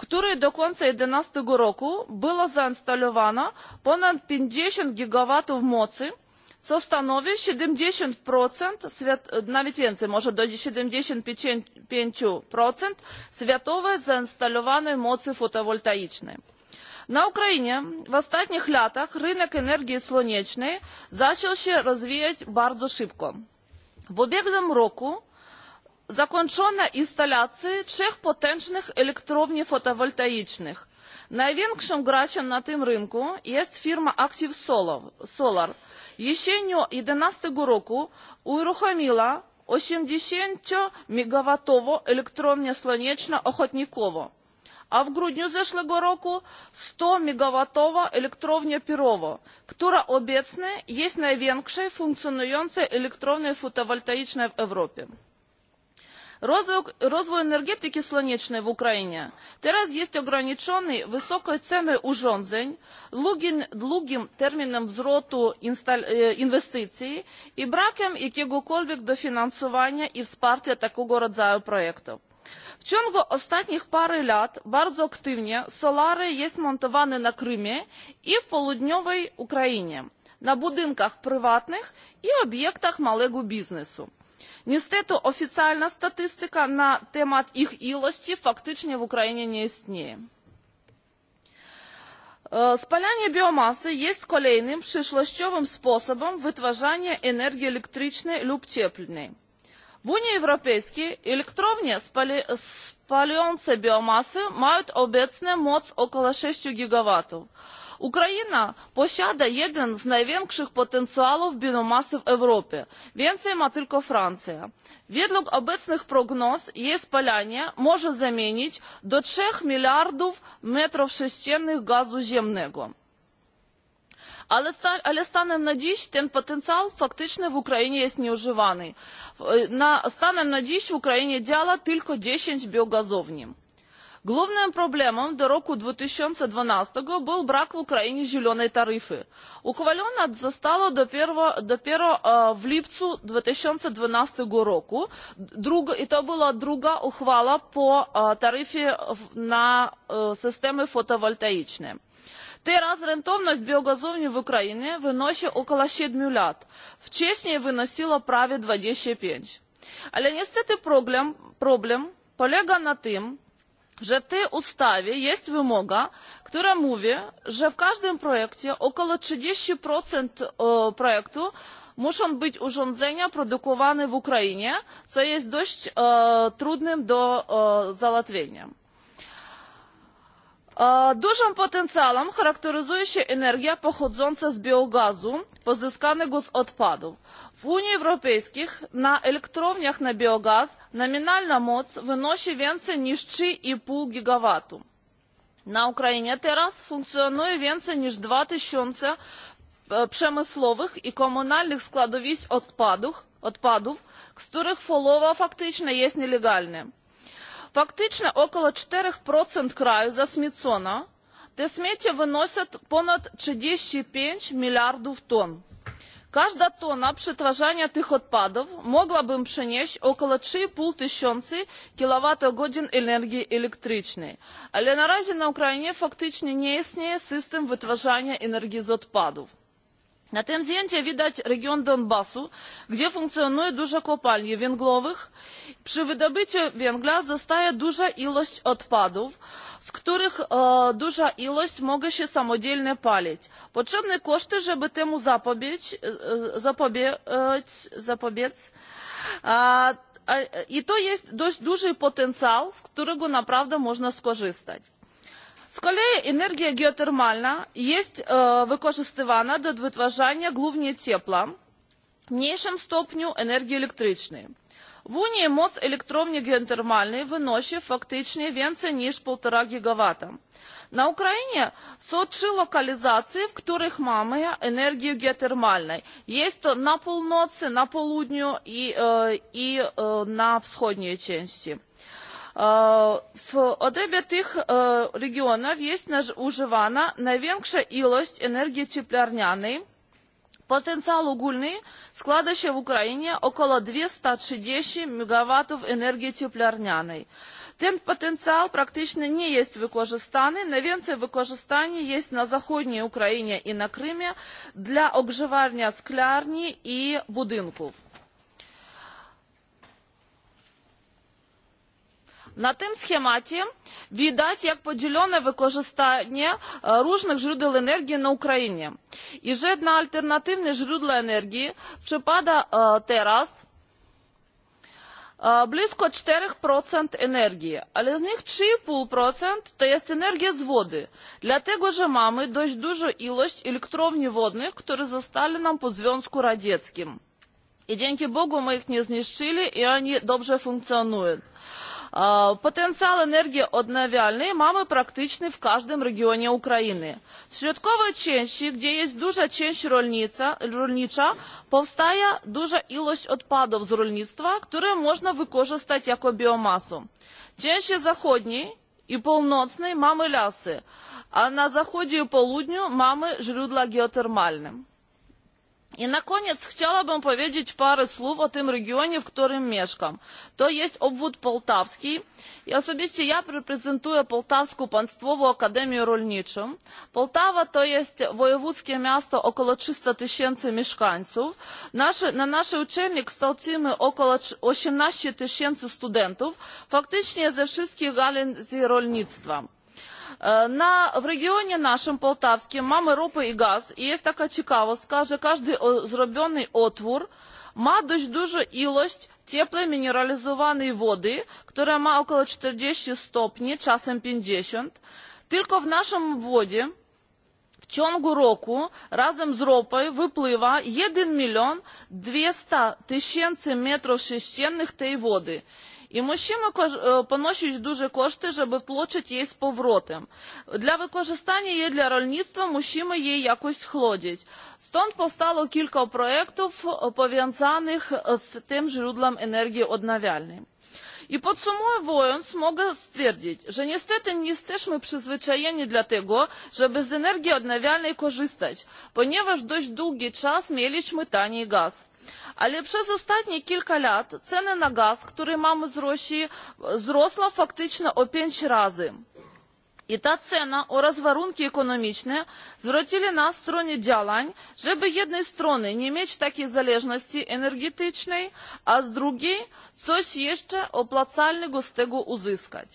której do końca 2011 roku było zainstalowano ponad 50 gigawatów mocy, co stanowi 70%, nawet więcej, może do 75% światowej zainstalowanej mocy fotowoltaicznej. Na Ukrainie w ostatnich latach rynek energii słonecznej zaczął się rozwijać bardzo szybko. W ubiegłym roku zakończono instalacje trzech potężnych elektrowni fotowoltaicznych. największym graczem na tym rynku jest firma active solar. jesienią dwa tysiące jedenaście roku uruchomiła osiemdziesiąt megawatową elektrownię słoneczno ochotnikowo a w grudniu zeszłego roku sto megawatową elektrownię pirowo która obecnie jest największą funkcjonującą elektrownią fotowoltaiczną w europie. Rozwój energetyki słonecznej w Ukrainie teraz jest ograniczony wysoką ceną urządzeń, długim, terminem wzrostu inwestycji i brakiem jakiegokolwiek dofinansowania i wsparcia takiego rodzaju projektów. W ciągu ostatnich paru lat bardzo aktywnie solary jest montowane na Krymie i w południowej Ukrainie, na budynkach prywatnych i obiektach małego biznesu Niestety oficjalna statystyka na temat ich ilości faktycznie w Ukrainie nie istnieje. Spalanie biomasy jest kolejnym przyszłościowym sposobem wytwarzania energii elektrycznej lub cieplnej. W Unii Europejskiej elektrownie spalające biomasę mają obecnie moc około 6 gigawatów Ukraina posiada jeden z największych potencjałów biomasy w Europie. Więcej ma tylko Francja. Według obecnych prognoz jej spalanie może zamienić do 3 miliardów metrów sześciennych gazu ziemnego. Ale stanem na dziś ten potencjał faktycznie w Ukrainie jest nieużywany. Stanem na dziś w Ukrainie działa tylko dziesięć biogazowni Главным проблемом до roku 2012 был брак в Украине зеленой тарифы. Ухвалена до первого в липцу 2012 року. Друг, и то была друга ухвала по тарифе на системы фотовольтаичные. Teraz rentowność biogazowni w Ukrainie wynosi około 7 lat. Wcześniej wynosiła prawie 25. Ale niestety problem, problem polega na tym, że w tej ustawie jest wymóg który mówi że w każdym projekcie około trzydzieści projektu muszą być urządzenia produkowane w ukrainie co jest dość trudne do załatwienia. Dużym potencjałem charakteryzuje się energia pochodząca z biogazu pozyskanego z odpadów. W Unii Europejskiej na elektrowniach na biogaz nominalna moc wynosi więcej niż 3,5 gigawatu. Na Ukrainie teraz funkcjonuje więcej niż 2000 przemysłowych i komunalnych składowisk odpadów, z których połowa faktycznie jest nielegalna Фактично около 4% краю засміцоно, те сміття виносять понад 35 мільярдів тонн. Każda tona przetwarzania tych odpadów mogłaby przynieść około 3,5 tysiący kilowatogodzin energii elektrycznej. Ale na razie na Ukrainie faktycznie nie istnieje system wytwarzania energii z odpadów. Na tym zdjęciu widać region Donbasu, gdzie funkcjonuje dużo kopalni węglowych Przy wydobyciu węgla zostaje duża ilość odpadów, z których duża ilość może się samodzielnie palić. Potrzebne koszty, żeby temu zapobiec, i to jest dość duży potencjał, z którego naprawdę można skorzystać. Z kolei energia geotermalna jest wykorzystywana do wytwarzania głównie ciepła, w mniejszym stopniu energii elektrycznej в Унії е МОЦ електронні геотермальний виношує фактически вінці ніж 1,5 гігаватта. На Украине сочі локализации, в которых має енергію геотермальної. Есть то на полноці, на полудню и е, і е, на всходній части. Э, в одребі тих э, регіонів є уживана найвінкша ілость енергії теплярняної – Потенциал угольный складывающий в Украине около 260 мегаваттов энергии теплярняной. Ten потенціал практично не є використаний. Навінці використання є на Західній Україні і на Кримі для обживання склярні і будинків. na tym schemacie widać jak podzielone wykorzystanie różnych źródeł energii na ukrainie i że na alternatywne źródła energii przypada teraz blisko cztery energii ale z nich trzy pięć to jest energia z wody dlatego że mamy dość dużą ilość elektrowni wodnych które zostały nam po związku radzieckim i dzięki bogu my ich nie zniszczyli i one dobrze funkcjonują. Потенциал енергії одновільний маємо практично в каждом регіоні Украины. В Святковій Ченщі, где є дуже ченщ рольніча, повстає дуже ілость відпадів з рольництва, которые можно використати як біомасу. Ченщі Заходній і Полноцний мамы ляси, а на Заході и Полудню маємо жрюдла геотермальним. I na koniec chciałabym powiedzieć parę słów o tym regionie, w którym mieszkam. To jest obwód poltawski i osobiście ja reprezentuję Poltawską Państwową Akademię Rolniczą. Poltawa to jest wojewódzkie miasto około 300 tysięcy mieszkańców. na naszej uczelni kształcimy około 18 tysięcy studentów, faktycznie ze wszystkich galin rolnictwa w regionie naszym poltawskim mamy ropę i gaz i jest taka ciekawostka że każdy zrobiony otwór ma dość dużą ilość cieplej mineralizowanej wody która ma około czterdzieści stopni czasem pięćdziesiąt tylko w naszym obwodzie w ciągu roku razem z ropą wypływa jeden milion dwieście tysięcy metrów sześciennych tej wody І мужчина е, поношують дуже кошти, щоб втлочити її з повротом. Для використання її для рольництва мужчина її якось хлодять. Стон повстало кілька проєктів, пов'язаних з тим жрудлом енергії odnawialnej i podsumowując mogę stwierdzić że niestety nie jesteśmy przyzwyczajeni do tego żeby z energii odnawialnej korzystać ponieważ dość długi czas mieliśmy tani gaz ale przez ostatnie kilka lat cena na gaz który mamy z rosji wzrosła faktycznie o pięć razy i ta cena oraz warunki ekonomiczne zwrócili na stronę działań żeby z jednej strony nie mieć takiej zależności energetycznej a z drugiej coś jeszcze opłacalnego z tego uzyskać.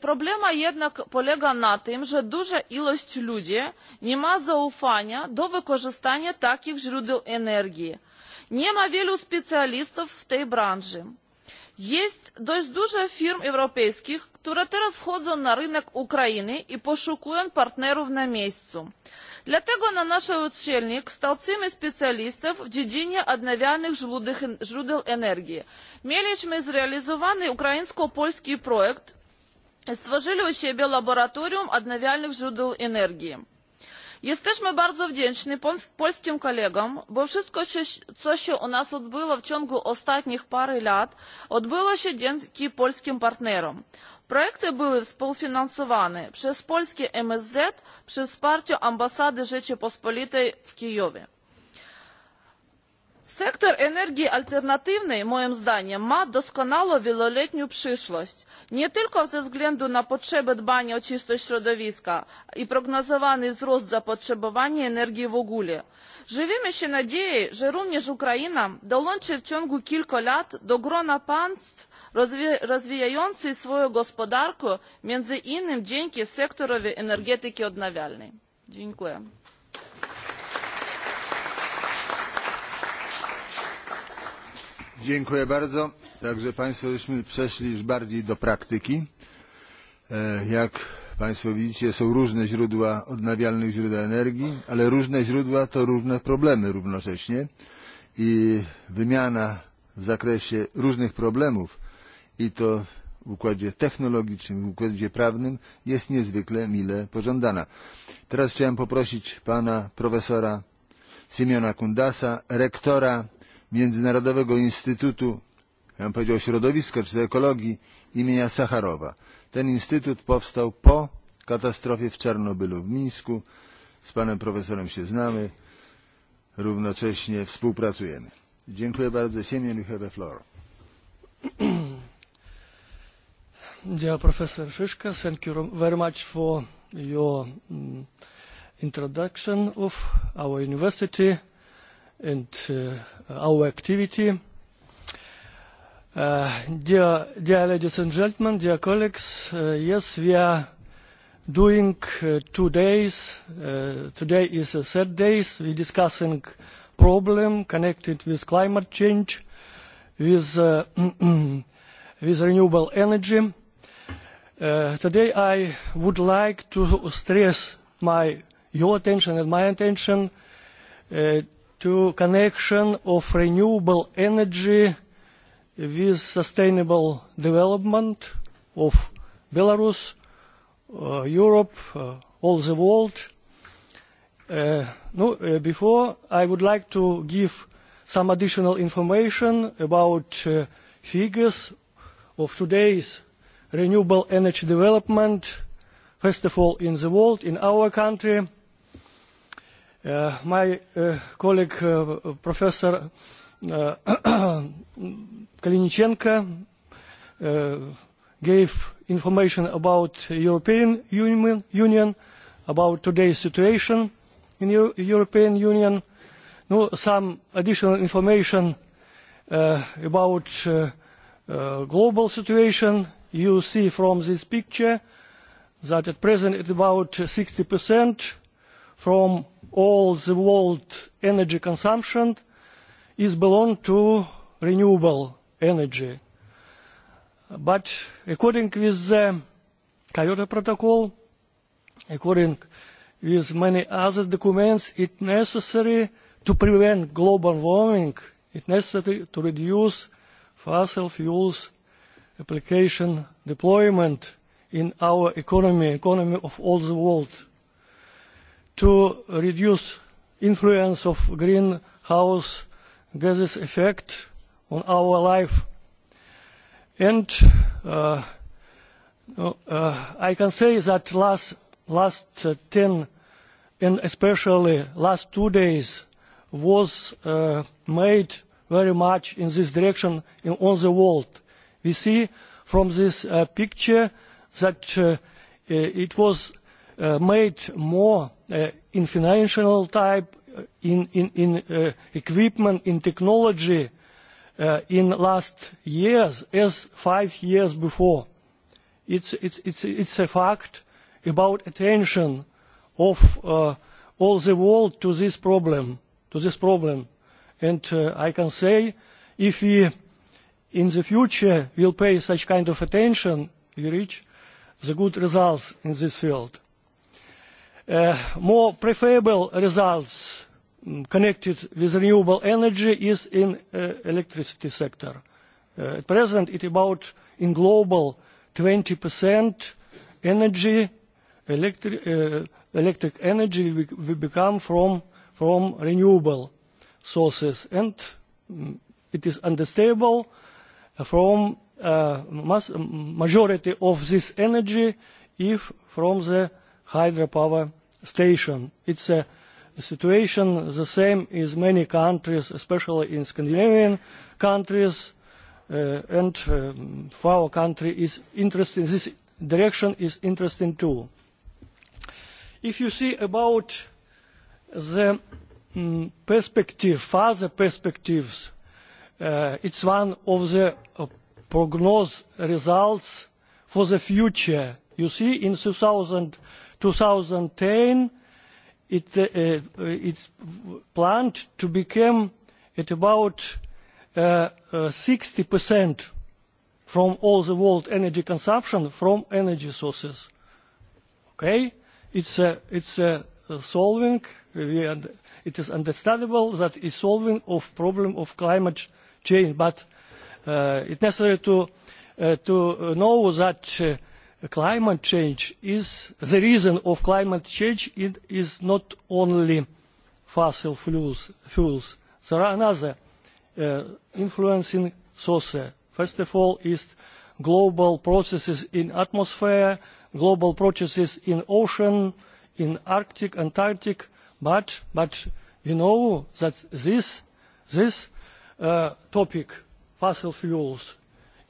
problem jednak polega na tym że duża ilość ludzi nie ma zaufania do wykorzystania takich źródeł energii. nie ma wielu specjalistów w tej branży. Jest dość dużo firm europejskich, które teraz wchodzą na rynek Ukrainy i poszukują partnerów na miejscu. Dlatego na naszej uczelni kształcimy specjalistów w dziedzinie odnawialnych źródeł energii. Mieliśmy zrealizowany ukraińsko-polski projekt i stworzyli u siebie laboratorium odnawialnych źródeł energii jesteśmy bardzo wdzięczni polskim kolegom bo wszystko co się u nas odbyło w ciągu ostatnich paru lat odbyło się dzięki polskim partnerom. projekty były współfinansowane przez polskie msz przy wsparciu ambasady rzeczypospolitej w kijowie. Sektor energii alternatywnej, moim zdaniem, ma doskonałą wieloletnią przyszłość. Nie tylko ze względu na potrzebę dbania o czystość środowiska i prognozowany wzrost zapotrzebowania energii w ogóle. Żywimy się nadzieją, że również Ukraina dołączy w ciągu kilku lat do grona państw rozwijających swoją gospodarkę, między innymi dzięki sektorowi energetyki odnawialnej. Dziękuję. Dziękuję bardzo. Także Państwo żeśmy przeszli już bardziej do praktyki. Jak Państwo widzicie, są różne źródła odnawialnych źródeł energii, ale różne źródła to różne problemy równocześnie i wymiana w zakresie różnych problemów i to w układzie technologicznym, w układzie prawnym jest niezwykle mile pożądana. Teraz chciałem poprosić pana profesora Simeona Kundasa, rektora Międzynarodowego Instytutu, ja bym powiedział, środowiska czy ekologii imienia Sacharowa. Ten instytut powstał po katastrofie w Czarnobylu w Mińsku. Z panem profesorem się znamy, równocześnie współpracujemy. Dziękuję bardzo. Siemię you have Dziękuję floor. Dear Professor thank you very much for your introduction of our university and our activity. Dear ladies and gentlemen, dear colleagues, yes, we are doing two days. Today is a third day. We're discussing problem connected with climate change, with renewable energy. Today, I would like to stress my your attention and my attention to connection of renewable energy with sustainable development of Belarus, uh, Europe, uh, all the world. Uh, no, uh, before, I would like to give some additional information about uh, figures of today's renewable energy development, first of all in the world, in our country, my colleague, Professor Kalinichenko, gave information about European Union, about today's situation in the European Union, no, some additional information about uh, global situation. You see from this picture that at present it's about 60% from all the world energy consumption is belong to renewable energy. But according with the Kyoto Protocol, according with many other documents, it necessary to prevent global warming, it necessary to reduce fossil fuels application deployment in our economy, economy of all the world to reduce influence of greenhouse gases effect on our life. And uh, uh, I can say that last last uh, 10 and especially last two days was uh, made very much in this direction in, on the world. We see from this uh, picture that uh, it was made more in financial type, in, in, in equipment, in technology in last years as five years before. It's, it's, it's, it's a fact about attention of all the world to this problem, to this problem. And I can say if we in the future will pay such kind of attention, we reach the good results in this field more preferable results connected with renewable energy is in the electricity sector. at present, it about, in global, 20% energy, electric energy we become from, from renewable sources. And it is understandable from uh, mass, majority of this energy if from the hydropower station. It's a situation the same as many countries, especially in Scandinavian countries, and for our country is interesting. This direction is interesting too. If you see about the perspective, further perspectives, it's one of the prognose results for the future. You see, in 2000 2010, it, uh, it's planned to become at about uh, uh, 60% from all the world energy consumption from energy sources. Okay? It's, uh, it's uh, solving, we, it is understandable that it's solving of problem of climate change, but uh, it's necessary to, uh, to know that uh, climate change is the reason of climate change it is not only fossil fuels fuels there are another uh, influencing sources first of all is global processes in atmosphere global processes in ocean in arctic antarctic but but you know that this this uh, topic fossil fuels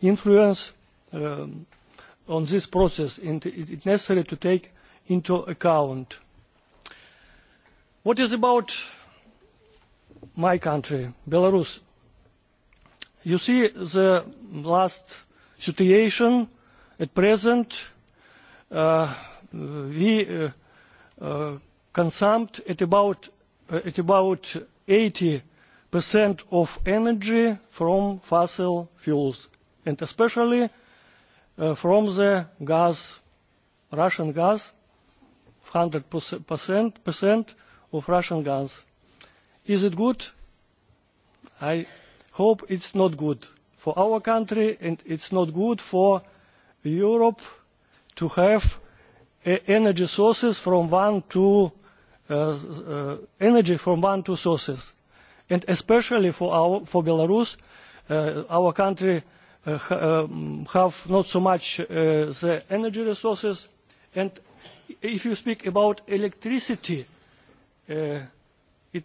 influence um, on this process and it is necessary to take into account. What is about my country, Belarus? You see the last situation at present uh, we uh, consumed at about at about 80 percent of energy from fossil fuels and especially from the gas, Russian gas, 100% percent of Russian gas. Is it good? I hope it's not good for our country, and it's not good for Europe to have energy sources from one to uh, energy from one to sources, and especially for our for Belarus, uh, our country have not so much the energy resources. And if you speak about electricity, it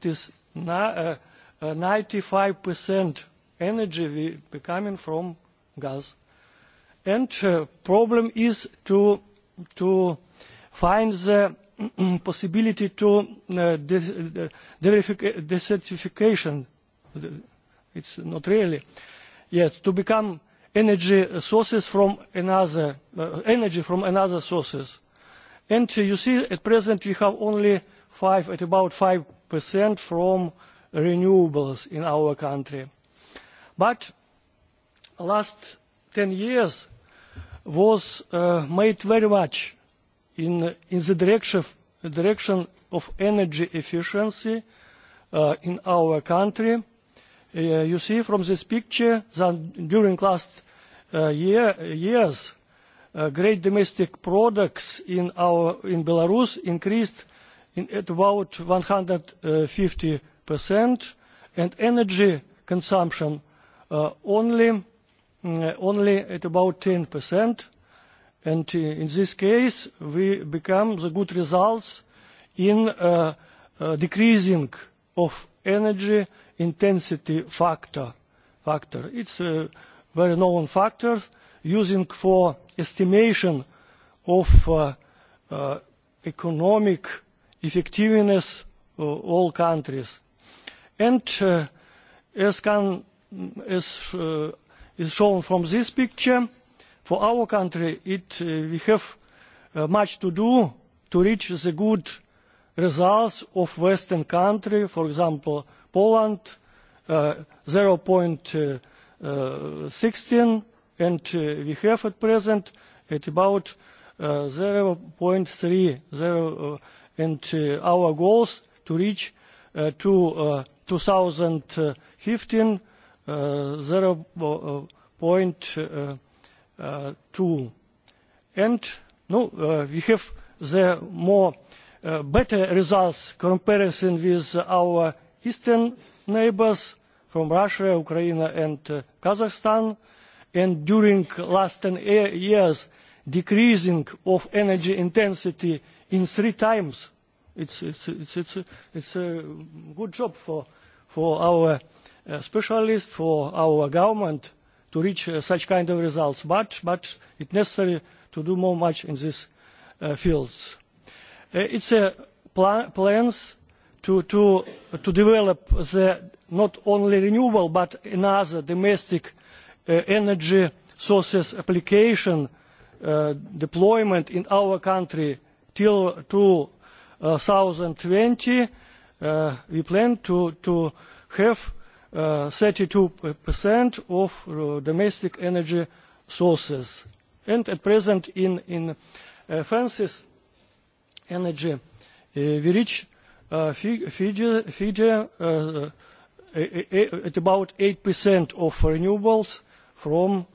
is ninety 95% energy coming from gas. And the problem is to, to find the possibility to desertification. It's not really. Yes, to become energy sources from another uh, energy from another sources. And uh, you see, at present we have only five, at about five percent from renewables in our country. But last ten years was uh, made very much in, in the direction, direction of energy efficiency uh, in our country you see from this picture that during last uh, year, years, uh, great domestic products in our in Belarus increased in at about 150 percent, and energy consumption uh, only uh, only at about 10 percent. And in this case, we become the good results in uh, uh, decreasing of energy intensity factor. factor. It's a very known factor using for estimation of uh, uh, economic effectiveness of all countries. And uh, as, can, as uh, is shown from this picture, for our country, it, uh, we have uh, much to do to reach the good results of Western countries, for example, Poland, zero point sixteen, and we have at present at about zero point three and our goals to reach to 2015 0.2 and no we have the more better results comparison with our eastern neighbours from Russia, Ukraine and Kazakhstan. And during the last ten years, decreasing of energy intensity in three times. It's, a good job for, our specialists, for our government to reach such kind of results. But, it is necessary to do more much in these fields. it's a plans to develop not only renewable but another domestic energy sources application deployment in our country till two thousand twenty we plan to have thirty two of domestic energy sources. And at present in France's energy, we reach Fiji, at about 8% of renewables from,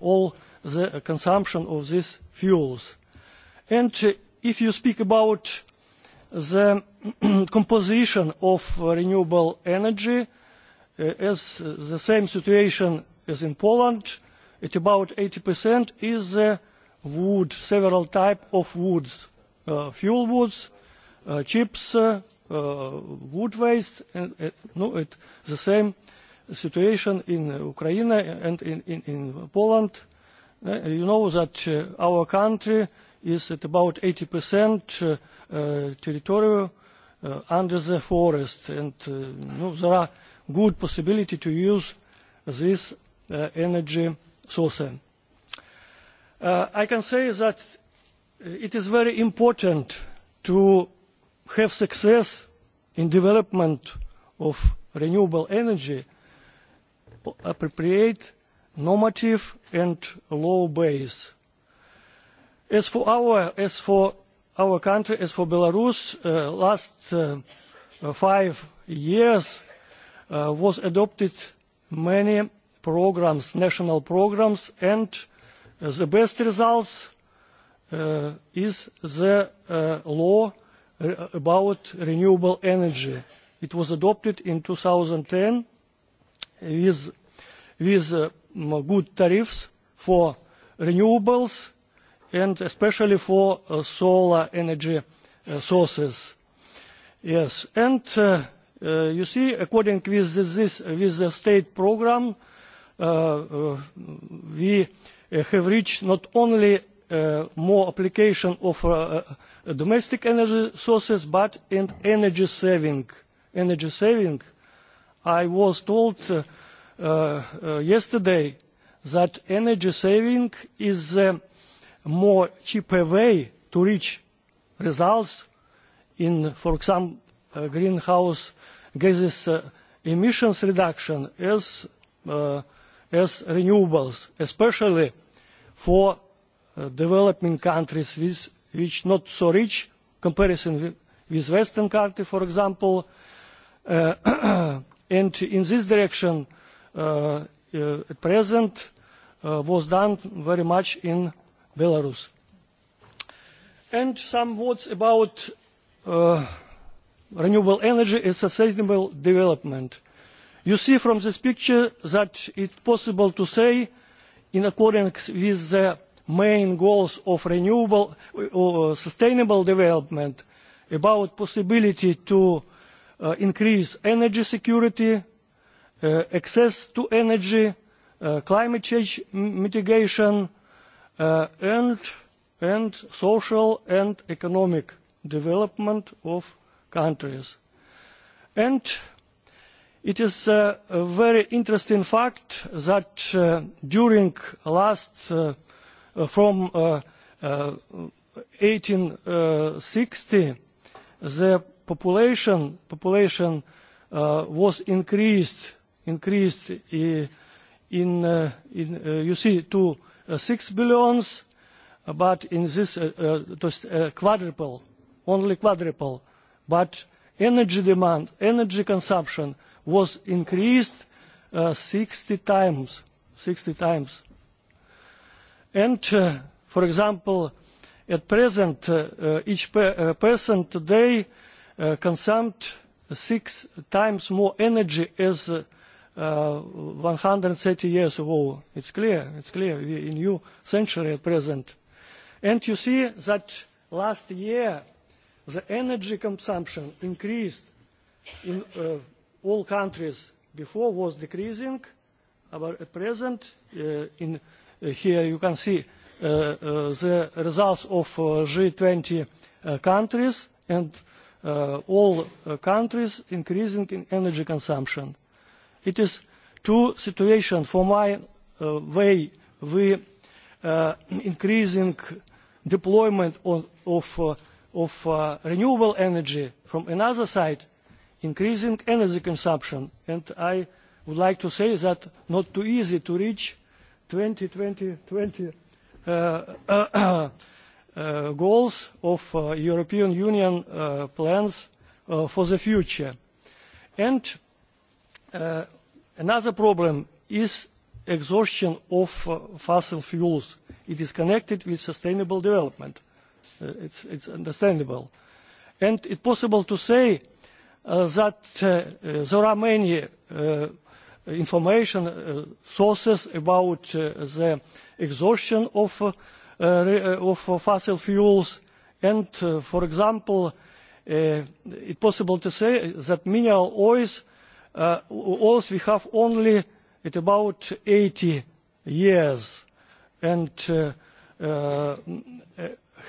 all the consumption of these fuels. And if you speak about the composition of renewable energy, as the same situation as in Poland, at about 80% is wood, several types of woods, fuel woods, chips, uh, wood waste, and uh, no, it, the same situation in Ukraine and in, in, in Poland. Uh, you know that uh, our country is at about 80% uh, territory uh, under the forest, and uh, no, there are good possibility to use this uh, energy source. Uh, I can say that it is very important to have success in development of renewable energy appropriate normative and law base. As for our, as for our country, as for Belarus, uh, last uh, five years uh, was adopted many programs, national programs, and the best results uh, is the uh, law about renewable energy. It was adopted in 2010 with, with uh, good tariffs for renewables and especially for uh, solar energy uh, sources. Yes, and uh, uh, you see, according with this, with the state program, uh, uh, we have reached not only uh, more application of uh, domestic energy sources, but in energy saving. Energy saving, I was told yesterday that energy saving is a more cheaper way to reach results in, for example, greenhouse gases emissions reduction as, renewables, especially for developing countries with which not so rich comparison with Western country, for example. and in this direction, at present, was done very much in Belarus. And some words about renewable energy and sustainable development. You see from this picture that it is possible to say, in accordance with the main goals of renewable uh sustainable development about possibility to increase energy security, access to energy, climate change mitigation, and, social and economic development of countries. And it is a very interesting fact that during the last from uh, uh, 1860, the population population uh, was increased increased in uh, in uh, you see to uh, six billions, but in this uh, uh, quadruple, only quadruple, but energy demand, energy consumption was increased uh, 60 times, 60 times And, for example, at present, each person today consumes six times more energy as uh, 130 years ago. It's clear, it's clear, are in new century at present. And you see that last year the energy consumption increased in uh, all countries. Before was decreasing, but at present uh, in here you can see the results of g twenty countries and all countries increasing in energy consumption. It is two situations. For my way, we uh, increasing deployment of, of, of renewable energy from another side, increasing energy consumption. And I would like to say that not too easy to reach 2020 uh, uh, goals of uh, European Union uh, plans uh, for the future. And uh, another problem is exhaustion of uh, fossil fuels. It is connected with sustainable development. Uh, it's, it's understandable. And it's possible to say uh, that uh, there are many uh, information sources about the exhaustion of, fossil fuels. And, for example, it is possible to say that mineral oils, we have only at about eighty years. And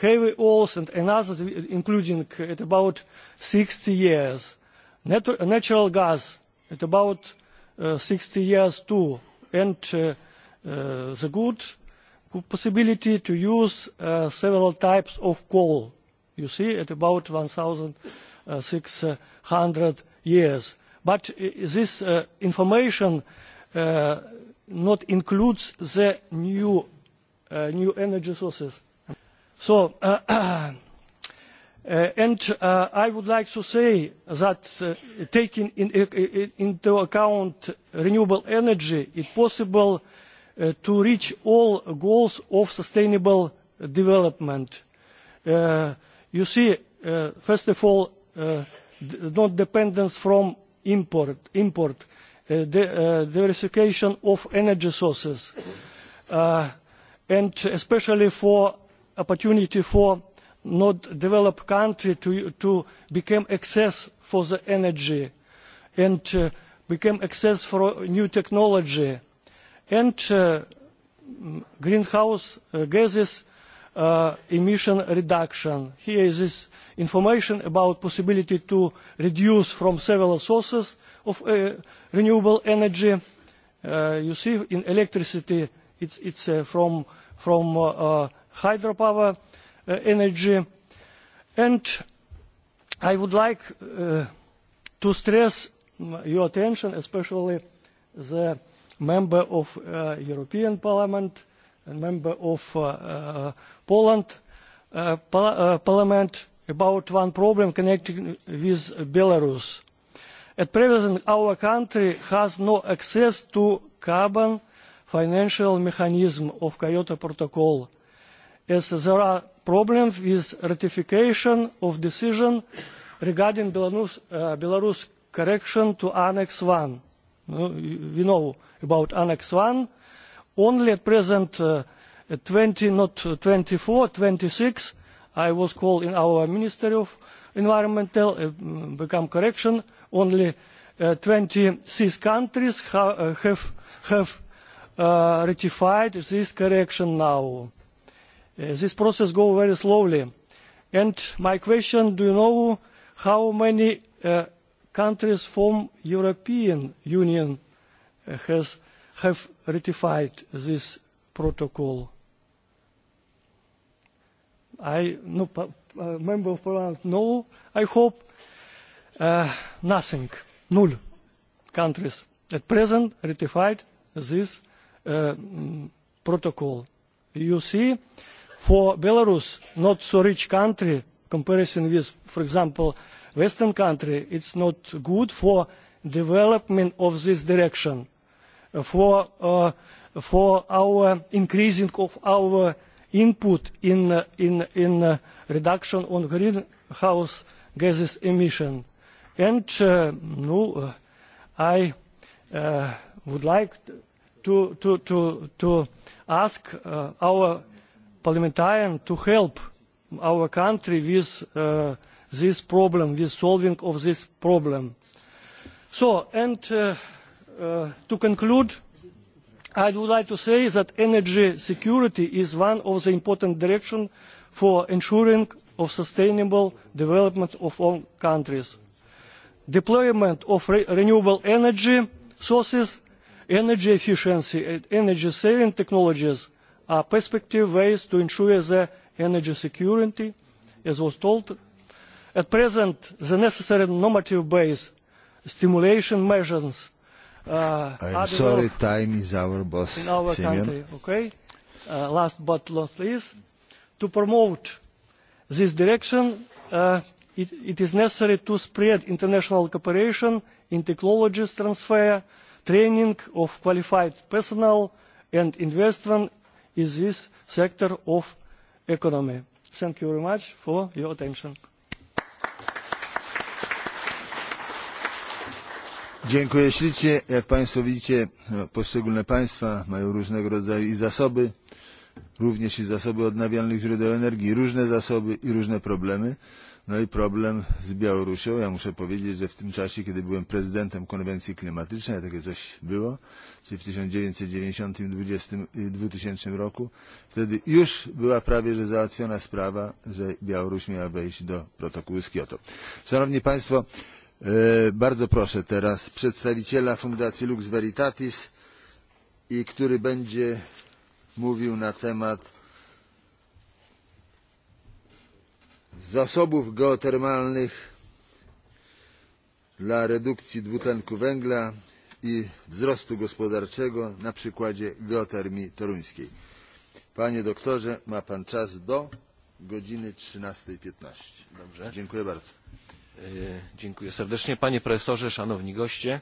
heavy oils and others including at about sixty years. natural gas at about sixty years too, and the good possibility to use several types of coal. You see, at about one six hundred years. But this information not includes the new energy sources. So and I would like to say that taking into account renewable energy, it is possible to reach all goals of sustainable development. you see, first of all, not dependence from import, diversification of energy sources, and especially for opportunity for not developed country to, to become access for the energy and uh, become access for new technology. And uh, greenhouse gases uh, emission reduction. Here is this information about possibility to reduce from several sources of uh, renewable energy. Uh, you see in electricity it's, it's uh, from, from uh, uh, hydropower, uh, energy. And I would like to stress your attention, especially the member of uh, European Parliament and member of uh, uh, Poland uh, par uh, Parliament about one problem connected with Belarus. At present, our country has no access to carbon financial mechanism of Kyoto Protocol as there are problems with ratification of decision regarding Belarus, uh, Belarus correction to Annex 1. We know about Annex 1. Only at present, uh, at 20, not 24, 26, I was called in our Ministry of Environmental, uh, become correction, only uh, 26 countries ha have, have uh, ratified this correction now this process goes very slowly. And my question, do you know how many countries from the European Union has, have ratified this protocol? I, no, member of parliament, no. I hope nothing, null countries at present ratified this protocol. You see, for Belarus, not so rich country, comparison with, for example, Western country, it's not good for development of this direction, for, uh, for our increasing of our input in, in, in uh, reduction on greenhouse gases emission. And uh, no, I uh, would like to, to, to, to ask uh, our parliamentarian to help our country with this problem, with solving of this problem. So, and to conclude, I would like to say that energy security is one of the important directions for ensuring of sustainable development of all countries. Deployment of renewable energy sources, energy efficiency and energy saving technologies perspective ways to ensure the energy security, as was told. At present, the necessary normative base stimulation measures uh, I'm sorry, time is our boss. In our country, okay. Uh, last but not least, to promote this direction, uh, it, it is necessary to spread international cooperation in technologies transfer, training of qualified personnel, and investment is this sector of economy. Thank you very much for your attention. Dziękuję ślicznie. Jak Państwo widzicie, poszczególne państwa mają różnego rodzaju i zasoby również i zasoby odnawialnych źródeł energii, różne zasoby i różne problemy. No i problem z Białorusią. Ja muszę powiedzieć, że w tym czasie, kiedy byłem prezydentem konwencji klimatycznej, a takie coś było, czyli w 1990-2000 roku, wtedy już była prawie że załatwiona sprawa, że Białoruś miała wejść do protokołu z Kioto. Szanowni Państwo, bardzo proszę teraz przedstawiciela Fundacji Lux Veritatis, i który będzie mówił na temat zasobów geotermalnych dla redukcji dwutlenku węgla i wzrostu gospodarczego na przykładzie geotermii toruńskiej. Panie doktorze, ma pan czas do godziny 13.15. Dziękuję bardzo. Dziękuję serdecznie. Panie profesorze, szanowni goście.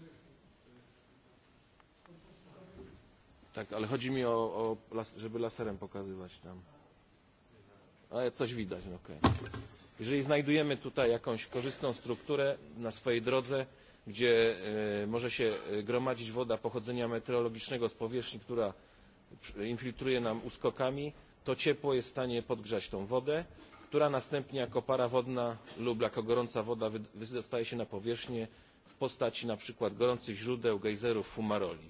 Tak, ale chodzi mi o, o żeby laserem pokazywać tam. Ale coś widać, no okej. Jeżeli znajdujemy tutaj jakąś korzystną strukturę na swojej drodze, gdzie może się gromadzić woda pochodzenia meteorologicznego z powierzchni, która infiltruje nam uskokami, to ciepło jest w stanie podgrzać tą wodę, która następnie jako para wodna lub jako gorąca woda wydostaje się na powierzchnię w postaci na przykład gorących źródeł, gejzerów, fumaroli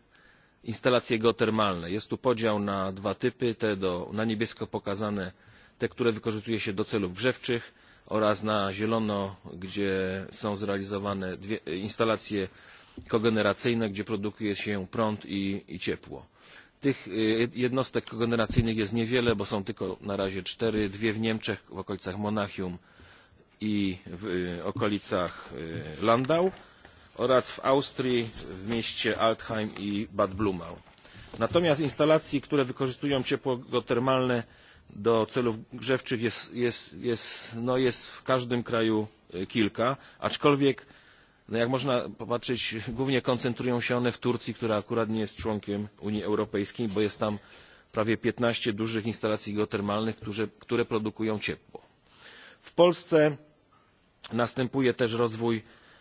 instalacje geotermalne. Jest tu podział na dwa typy, te na niebiesko pokazane, te, które wykorzystuje się do celów grzewczych oraz na zielono, gdzie są zrealizowane instalacje kogeneracyjne, gdzie produkuje się prąd i ciepło. Tych jednostek kogeneracyjnych jest niewiele, bo są tylko na razie cztery, dwie w Niemczech, w okolicach Monachium i w okolicach Landau oraz w Austrii w mieście Altheim i Bad Blumau. Natomiast instalacji, które wykorzystują ciepło geotermalne do celów grzewczych jest, w każdym kraju kilka, aczkolwiek jak można popatrzeć, głównie koncentrują się one w Turcji, która akurat nie jest członkiem Unii Europejskiej, bo jest tam prawie 15 dużych instalacji geotermalnych, które produkują ciepło. W Polsce następuje też rozwój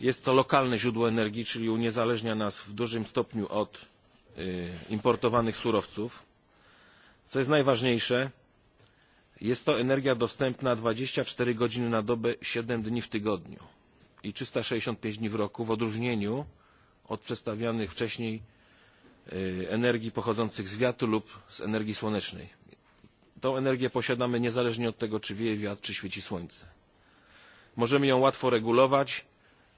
Jest to lokalne źródło energii, czyli uniezależnia nas w dużym stopniu od importowanych surowców. Co jest najważniejsze, jest to energia dostępna dwadzieścia cztery godziny na dobę, siedem dni w tygodniu i trzysta sześćdziesiąt pięć dni w roku w odróżnieniu od przedstawianych wcześniej energii pochodzących z wiatru lub z energii słonecznej. Tę energię posiadamy niezależnie od tego, czy wieje wiatr, czy świeci słońce. Możemy ją łatwo regulować,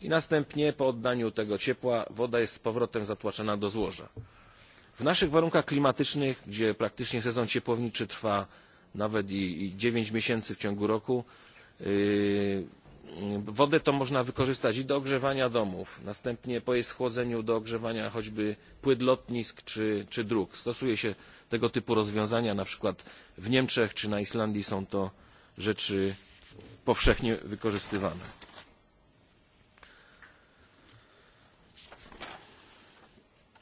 i następnie po oddaniu tego ciepła woda jest z powrotem zatłaczana do złoża. W naszych warunkach klimatycznych, gdzie praktycznie sezon ciepłowniczy trwa nawet i dziewięć miesięcy w ciągu roku, wodę to można wykorzystać i do ogrzewania domów, następnie po jej schłodzeniu do ogrzewania choćby płyt lotnisk czy dróg. Stosuje się tego typu rozwiązania, na przykład w Niemczech czy na Islandii są to rzeczy powszechnie wykorzystywane.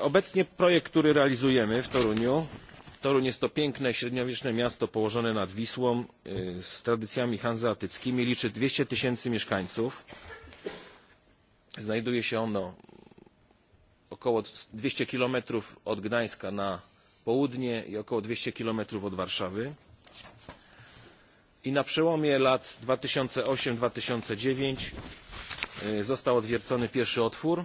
obecnie projekt który realizujemy w toruniu toruń jest to piękne średniowieczne miasto położone nad wisłą z tradycjami hanzeatyckimi liczy dwieście tysięcy mieszkańców znajduje się ono około dwieście kilometrów od gdańska na południe i około dwieście kilometrów od warszawy i na przełomie lat dwa tysiące osiem dwa tysiące dziewięć został odwiercony pierwszy otwór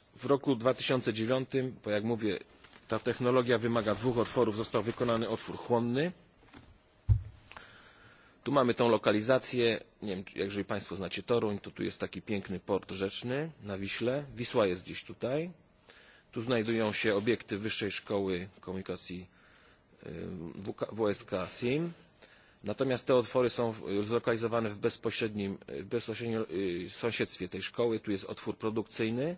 W roku 2009, bo jak mówię, ta technologia wymaga dwóch otworów, został wykonany otwór chłonny. Tu mamy tą lokalizację, nie wiem, jeżeli Państwo znacie Toruń, to tu jest taki piękny port rzeczny na Wiśle. Wisła jest gdzieś tutaj. Tu znajdują się obiekty Wyższej Szkoły Komunikacji WSK SIM. Natomiast te otwory są zlokalizowane w bezpośrednim, w bezpośrednim sąsiedztwie tej szkoły. Tu jest otwór produkcyjny,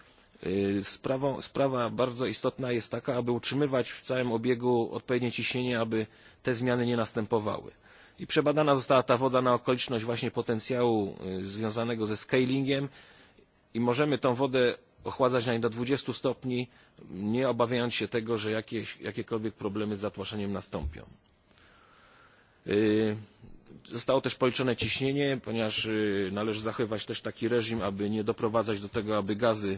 sprawa bardzo istotna jest taka, aby utrzymywać w całym obiegu odpowiednie ciśnienie, aby te zmiany nie następowały. I przebadana została ta woda na okoliczność właśnie potencjału związanego ze scalingiem i możemy tą wodę ochładzać na do 20 stopni, nie obawiając się tego, że jakieś, jakiekolwiek problemy z zatłaszczeniem nastąpią. Zostało też policzone ciśnienie, ponieważ należy zachowywać też taki reżim, aby nie doprowadzać do tego, aby gazy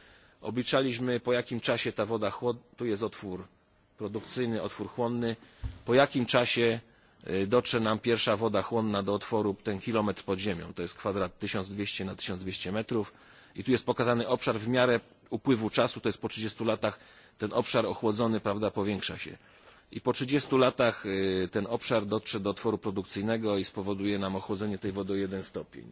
Obliczaliśmy, po jakim czasie ta woda chłodnie, tu jest otwór produkcyjny, otwór chłonny, po jakim czasie dotrze nam pierwsza woda chłonna do otworu ten kilometr pod ziemią. To jest kwadrat 1200 na 1200 metrów. I tu jest pokazany obszar w miarę upływu czasu, to jest po 30 latach ten obszar ochłodzony prawda, powiększa się. I po 30 latach ten obszar dotrze do otworu produkcyjnego i spowoduje nam ochłodzenie tej wody o jeden stopień.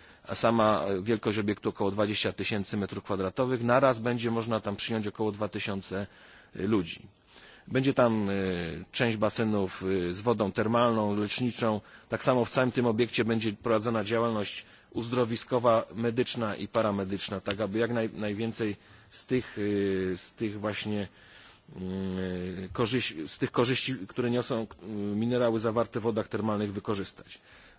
sama wielkość obiektu około 20 tysięcy metrów kwadratowych. Naraz będzie można tam przyjąć około 2 tysiące ludzi. Będzie tam część basenów z wodą termalną, leczniczą. Tak samo w całym tym obiekcie będzie prowadzona działalność uzdrowiskowa, medyczna i paramedyczna, tak aby jak najwięcej z tych, z tych właśnie z tych korzyści, które niosą minerały zawarte w wodach termalnych wykorzystać.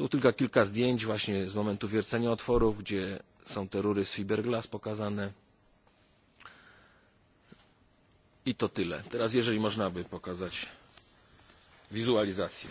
Tu tylko kilka zdjęć właśnie z momentu wiercenia otworów, gdzie są te rury z fiberglass pokazane. I to tyle. Teraz jeżeli można by pokazać wizualizację.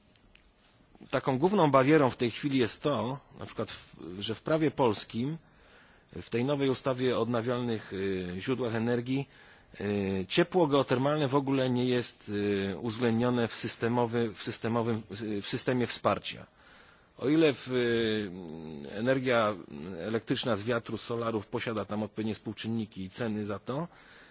taką główną barierą w tej chwili jest to, na przykład, że w prawie polskim, w tej nowej ustawie o odnawialnych źródłach energii, ciepło geotermalne w ogóle nie jest uwzględnione w, systemie wsparcia. O ile energia elektryczna z wiatru, solarów posiada tam odpowiednie współczynniki i ceny za to,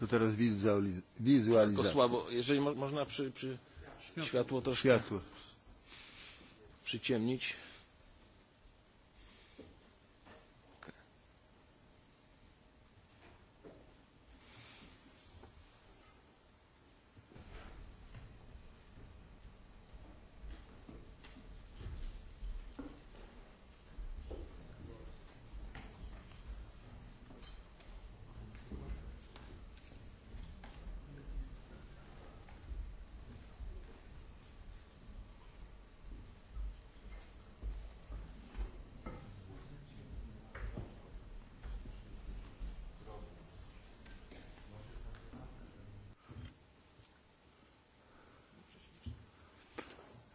To teraz wizualizacja. Tylko słabo, jeżeli mo można przy, przy światło. światło troszkę światło. przyciemnić.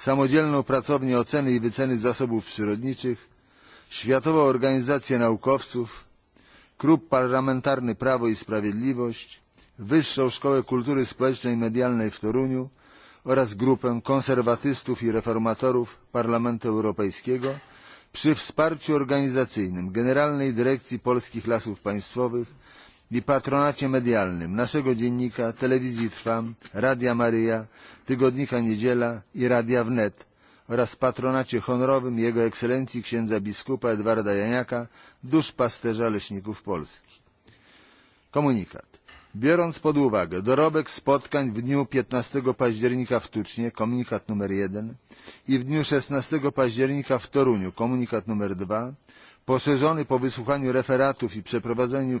samodzielną pracownię oceny i wyceny zasobów przyrodniczych, Światową Organizację Naukowców, Klub Parlamentarny Prawo i Sprawiedliwość, Wyższą Szkołę Kultury Społecznej i Medialnej w Toruniu oraz grupę konserwatystów i reformatorów Parlamentu Europejskiego przy wsparciu organizacyjnym Generalnej Dyrekcji Polskich Lasów Państwowych i patronacie medialnym naszego dziennika, telewizji Trwam, Radia Maryja, Tygodnika Niedziela i Radia Wnet oraz patronacie honorowym Jego Ekscelencji księdza biskupa Edwarda Janiaka, duszpasterza leśników Polski. Komunikat. Biorąc pod uwagę dorobek spotkań w dniu 15 października w Tucznie, komunikat numer 1, i w dniu 16 października w Toruniu, komunikat numer 2, poszerzony po wysłuchaniu referatów i przeprowadzeniu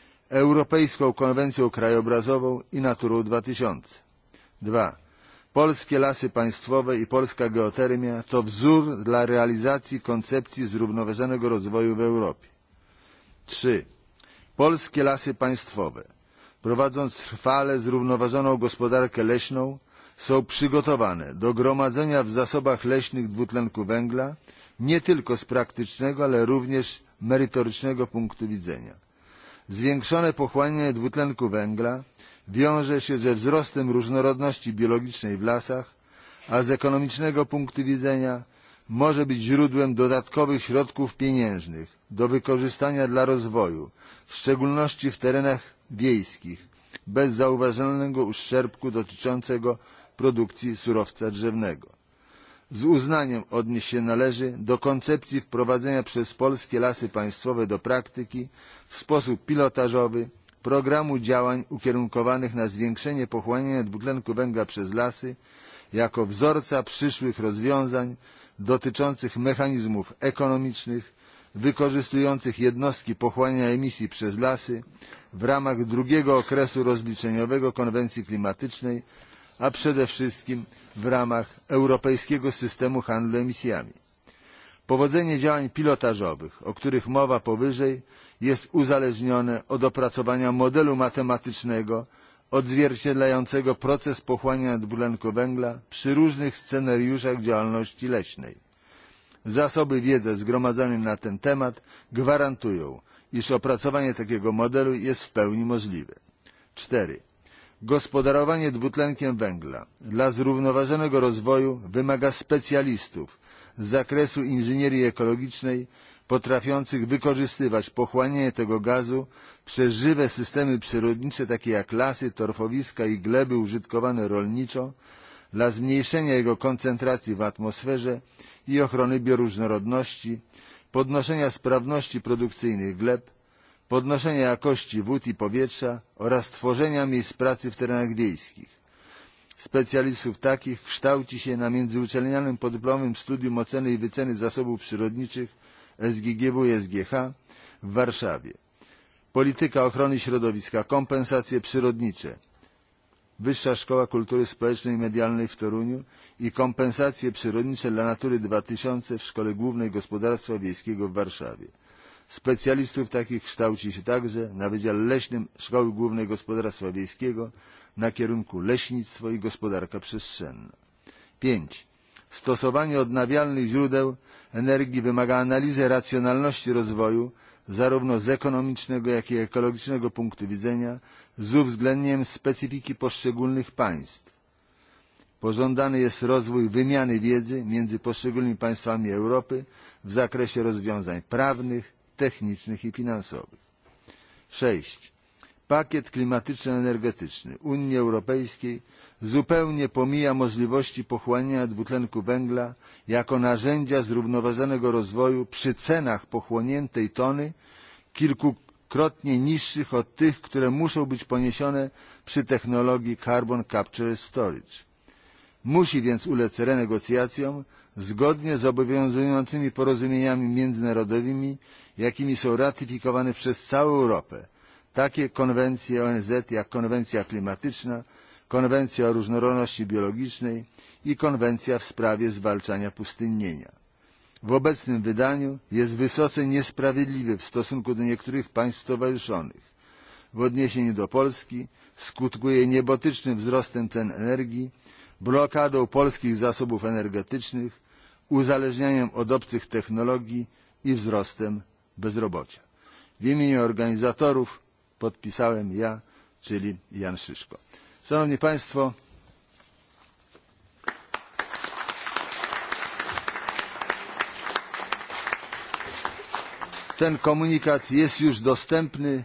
Europejską Konwencją Krajobrazową i Naturą 2000. dwa Polskie lasy państwowe i polska geotermia to wzór dla realizacji koncepcji zrównoważonego rozwoju w Europie. trzy Polskie lasy państwowe, prowadząc trwale zrównoważoną gospodarkę leśną, są przygotowane do gromadzenia w zasobach leśnych dwutlenku węgla nie tylko z praktycznego, ale również merytorycznego punktu widzenia Zwiększone pochłanianie dwutlenku węgla wiąże się ze wzrostem różnorodności biologicznej w lasach, a z ekonomicznego punktu widzenia może być źródłem dodatkowych środków pieniężnych do wykorzystania dla rozwoju, w szczególności w terenach wiejskich, bez zauważalnego uszczerbku dotyczącego produkcji surowca drzewnego Z uznaniem odnieść się należy do koncepcji wprowadzenia przez polskie lasy państwowe do praktyki w sposób pilotażowy programu działań ukierunkowanych na zwiększenie pochłaniania dwutlenku węgla przez lasy jako wzorca przyszłych rozwiązań dotyczących mechanizmów ekonomicznych wykorzystujących jednostki pochłaniania emisji przez lasy w ramach drugiego okresu rozliczeniowego konwencji klimatycznej a przede wszystkim w ramach europejskiego systemu handlu emisjami. Powodzenie działań pilotażowych, o których mowa powyżej, jest uzależnione od opracowania modelu matematycznego odzwierciedlającego proces pochłaniania dwutlenku węgla przy różnych scenariuszach działalności leśnej. Zasoby wiedzy zgromadzone na ten temat gwarantują, iż opracowanie takiego modelu jest w pełni możliwe. 4 Gospodarowanie dwutlenkiem węgla dla zrównoważonego rozwoju wymaga specjalistów z zakresu inżynierii ekologicznej potrafiących wykorzystywać pochłanianie tego gazu przez żywe systemy przyrodnicze takie jak lasy, torfowiska i gleby użytkowane rolniczo dla zmniejszenia jego koncentracji w atmosferze i ochrony bioróżnorodności, podnoszenia sprawności produkcyjnych gleb, podnoszenia jakości wód i powietrza oraz tworzenia miejsc pracy w terenach wiejskich. Specjalistów takich kształci się na międzyuczelnianym podyplomowym studium oceny i wyceny zasobów przyrodniczych SGGW SGH w Warszawie. Polityka ochrony środowiska, kompensacje przyrodnicze, Wyższa Szkoła Kultury Społecznej i Medialnej w Toruniu i kompensacje przyrodnicze dla Natury 2000 w Szkole Głównej Gospodarstwa Wiejskiego w Warszawie. Specjalistów takich kształci się także na Wydziale Leśnym Szkoły Głównej Gospodarstwa Wiejskiego na kierunku leśnictwo i gospodarka przestrzenna. 5. Stosowanie odnawialnych źródeł energii wymaga analizy racjonalności rozwoju zarówno z ekonomicznego, jak i ekologicznego punktu widzenia z uwzględnieniem specyfiki poszczególnych państw. Pożądany jest rozwój wymiany wiedzy między poszczególnymi państwami Europy w zakresie rozwiązań prawnych, technicznych i finansowych. sześć pakiet klimatyczno energetyczny unii europejskiej zupełnie pomija możliwości pochłaniania dwutlenku węgla jako narzędzia zrównoważonego rozwoju przy cenach pochłoniętej tony kilkukrotnie niższych od tych które muszą być poniesione przy technologii carbon capture storage. musi więc ulec renegocjacjom zgodnie z obowiązującymi porozumieniami międzynarodowymi jakimi są ratyfikowane przez całą Europę takie konwencje ONZ jak konwencja klimatyczna, konwencja o różnorodności biologicznej i konwencja w sprawie zwalczania pustynnienia. W obecnym wydaniu jest wysoce niesprawiedliwy w stosunku do niektórych państw stowarzyszonych. W odniesieniu do Polski skutkuje niebotycznym wzrostem cen energii, blokadą polskich zasobów energetycznych, uzależnianiem od obcych technologii i wzrostem bezrobocia. W imieniu organizatorów podpisałem ja, czyli Jan Szyszko. Szanowni Państwo, ten komunikat jest już dostępny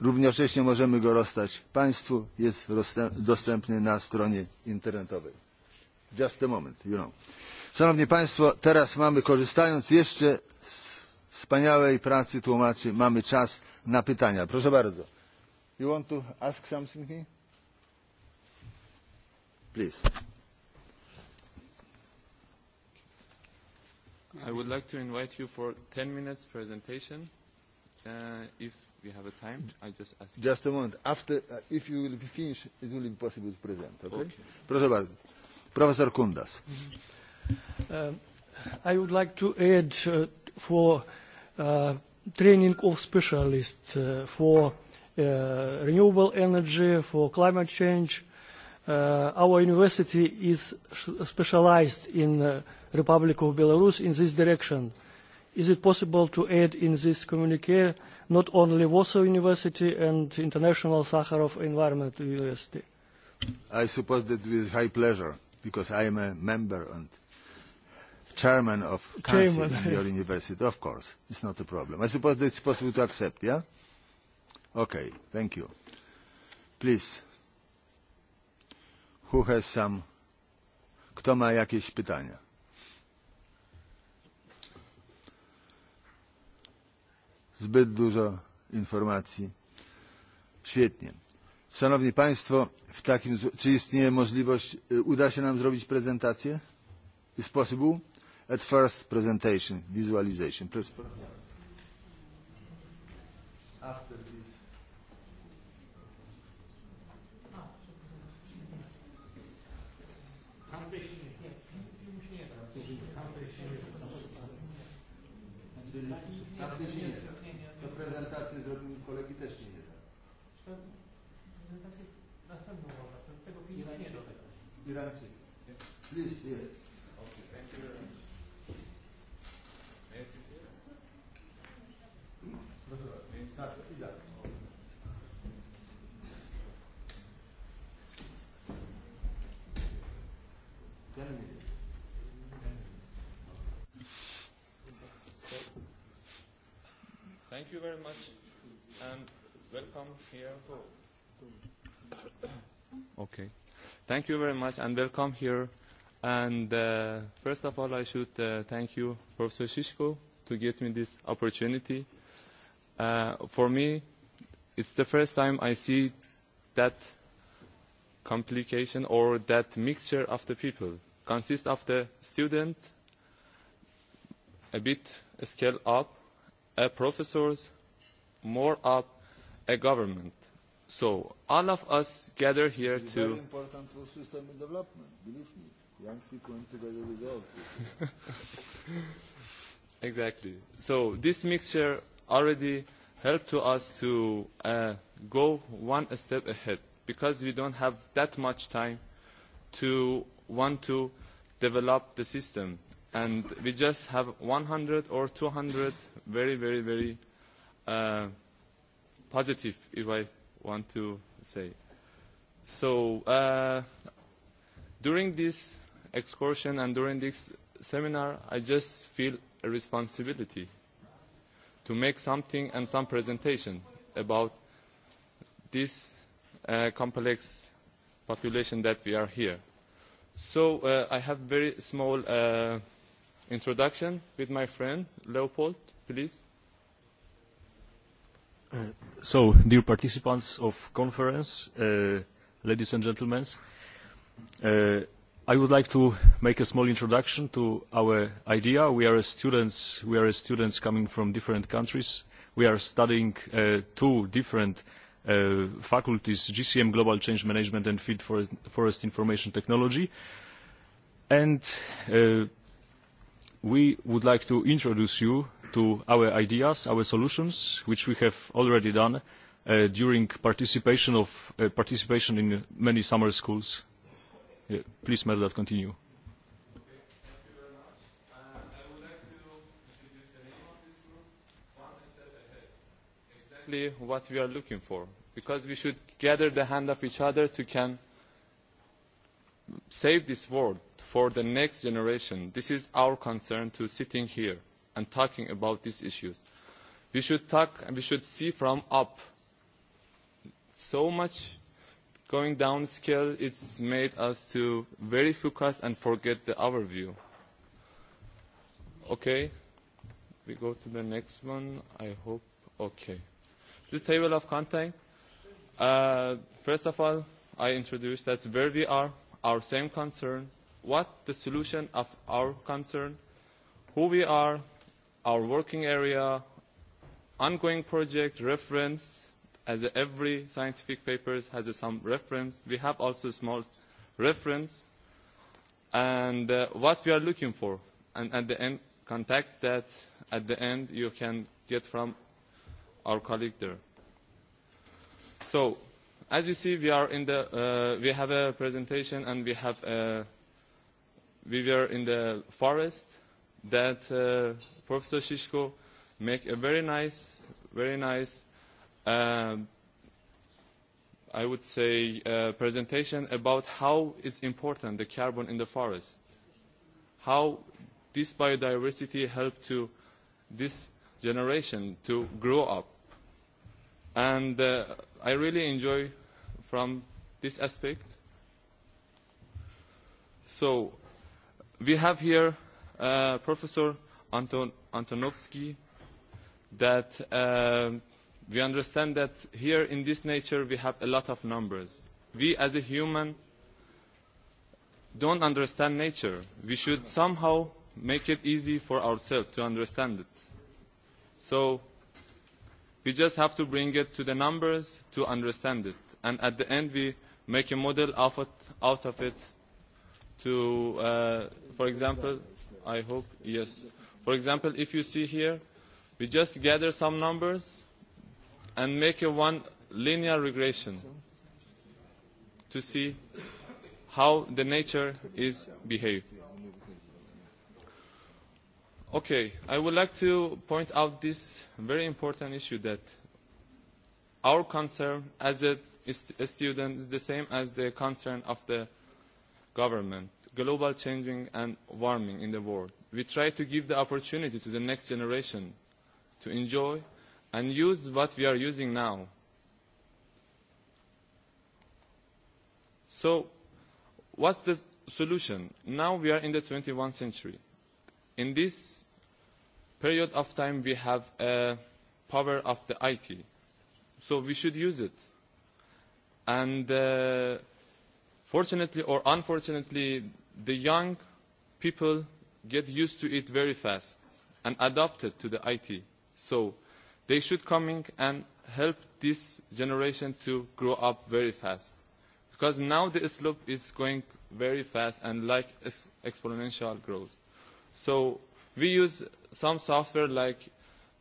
równocześnie możemy go rozstać państwu jest dostępny na stronie internetowej. Just a moment, you know. Szanowni Państwo, teraz mamy, korzystając jeszcze wspaniałej pracy tłumaczy mamy czas na pytania. Proszę bardzo. You want to ask something here? Please. I would like to invite you for 10 minutes presentation. Uh, if we have a time, I just ask. Just a moment. After, uh, if you will be finished, it will be possible to present. Okay. okay. Proszę bardzo. Profesor Kundas. Mm -hmm. I would like to add uh, for training of specialists for renewable energy, for climate change. our university is specialized in the Republic of Belarus in this direction. Is it possible to add in this communique not only Warsaw University and International Sakharov Environment University? I suppose that with high pleasure, because I am a member and chairman of council in your university. Of course, it's not a problem. I suppose that it's possible to accept, yeah? Okay, thank you. Please, who has some, kto ma jakieś pytania? Zbyt dużo informacji. Świetnie. Szanowni Państwo, w takim, czy istnieje możliwość, uda się nam zrobić prezentację? Is possible? at first presentation, visualization. Please. After this. Please, yes. you very much and welcome here. Okay. Thank you very much and welcome here. And uh, first of all, I should uh, thank you, Professor Shishko, to give me this opportunity. Uh, for me, it's the first time I see that complication or that mixture of the people consists of the student a bit scaled up a professors, more up a government. So all of us gather here to... very important for system development, believe me. Young people and together with old people. exactly. So this mixture already helped to us to uh, go one step ahead because we don't have that much time to want to develop the system and we just have 100 or 200 very, very, very uh, positive, if I want to say. So uh, during this excursion and during this seminar, I just feel a responsibility to make something and some presentation about this uh, complex population that we are here. So uh, I have very small uh, introduction with my friend Leopold, please. So, dear participants of conference, uh, ladies and gentlemen, uh, I would like to make a small introduction to our idea. We are students. We are students coming from different countries. We are studying uh, two different uh, faculties: GCM Global Change Management and Field Forest, Forest Information Technology. And uh, we would like to introduce you to our ideas, our solutions, which we have already done during participation of participation in many summer schools. please, Medlat, continue. Exactly what we are looking for, because we should gather the hand of each other to can save this world for the next generation. This is our concern to sitting here and talking about these issues. We should talk and we should see from up. So much going down scale, it's made us to very focus and forget the overview. Okay, we go to the next one. I hope, okay. This table of content, uh, first of all, I introduced that where we are, our same concern, what the solution of our concern, who we are, our working area, ongoing project, reference, as every scientific paper has some reference. We have also small reference, and uh, what we are looking for. And at the end, contact that at the end you can get from our colleague there. So As you see, we are in the uh, we have a presentation and we have uh, we were in the forest that uh, Professor Shishko make a very nice, very nice, uh, I would say, uh, presentation about how it's important the carbon in the forest, how this biodiversity helped to this generation to grow up, and uh, I really enjoy from this aspect? So we have here uh, Professor Anton Antonovsky that uh, we understand that here in this nature we have a lot of numbers. We as a human don't understand nature. We should somehow make it easy for ourselves to understand it. So we just have to bring it to the numbers to understand it and at the end we make a model of it, out of it to, uh, for example, I hope, yes. For example, if you see here, we just gather some numbers and make a one linear regression to see how the nature is behaved. Okay, I would like to point out this very important issue that our concern as a students the same as the concern of the government. Global changing and warming in the world. We try to give the opportunity to the next generation to enjoy and use what we are using now. So what's the solution? Now we are in the 21st century. In this period of time, we have a power of the IT. So we should use it And uh, fortunately or unfortunately, the young people get used to it very fast and adapted to the IT. So they should come in and help this generation to grow up very fast. Because now the slope is going very fast and like exponential growth. So we use some software like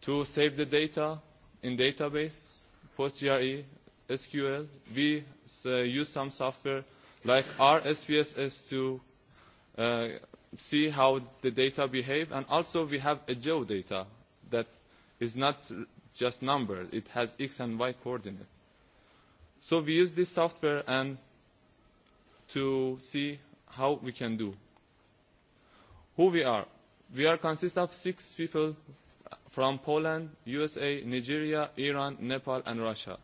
to save the data in database, post GRE. SQL. We uh, use some software like R SPSS to uh, see how the data behave. And also we have a geodata that is not just number. It has X and Y coordinate. So we use this software and to see how we can do. Who we are? We are consist of six people from Poland, USA, Nigeria, Iran, Nepal, and Russia.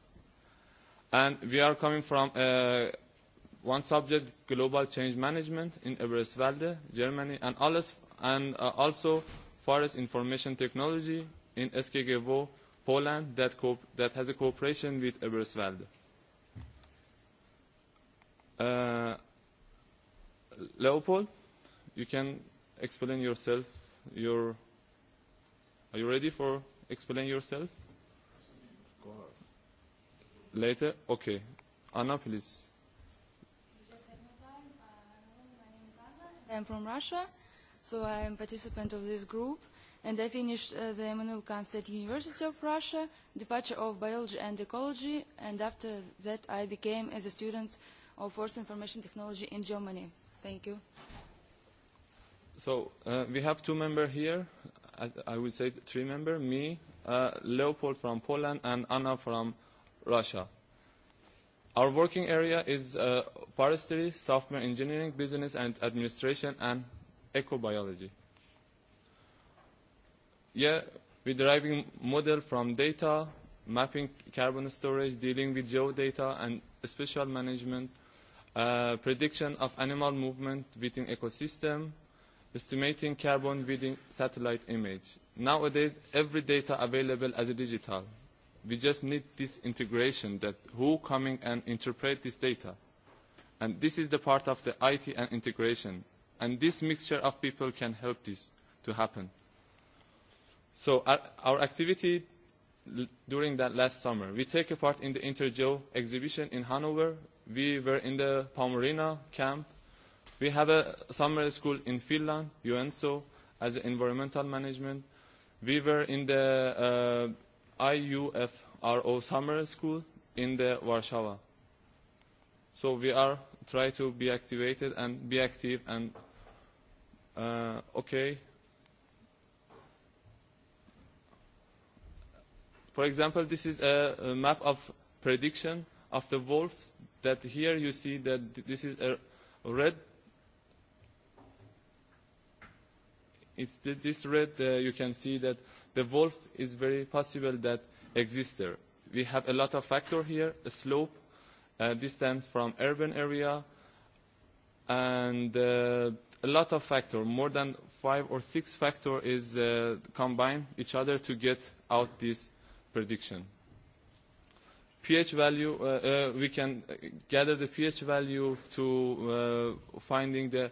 And we are coming from uh, one subject, global change management in Eberswalde, Germany, and, alles, and uh, also forest information technology in SKGVO, Poland, that, co that has a cooperation with Eberswalde. Uh, Leopold, you can explain yourself. Your, are you ready for explain yourself? later? Okay. Anna, please. I'm from Russia, so I am a participant of this group, and I finished uh, the Emmanuel Kant State University of Russia, departure of biology and ecology, and after that I became as a student of forced information technology in Germany. Thank you. So uh, we have two members here. I, I would say three members, me, uh, Leopold from Poland, and Anna from Russia. Our working area is uh, forestry, software engineering, business and administration, and ecobiology. Yeah, we're deriving model from data, mapping carbon storage, dealing with geodata and special management, uh, prediction of animal movement within ecosystem, estimating carbon within satellite image. Nowadays, every data available as a digital we just need this integration that who coming and interpret this data. And this is the part of the IT and integration. And this mixture of people can help this to happen. So our, our activity during that last summer, we take a part in the Intergeo exhibition in Hanover. We were in the Palmarina camp. We have a summer school in Finland, UNSO, as environmental management. We were in the uh, IUFRO summer school in the Warsaw. So we are try to be activated and be active and uh, okay. For example, this is a, a map of prediction of the wolves that here you see that this is a red It's the, this red, uh, you can see that the wolf is very possible that exists there. We have a lot of factor here, a slope, uh, distance from urban area, and uh, a lot of factor, more than five or six factor is uh, combined each other to get out this prediction. pH value, uh, uh, we can gather the pH value to uh, finding the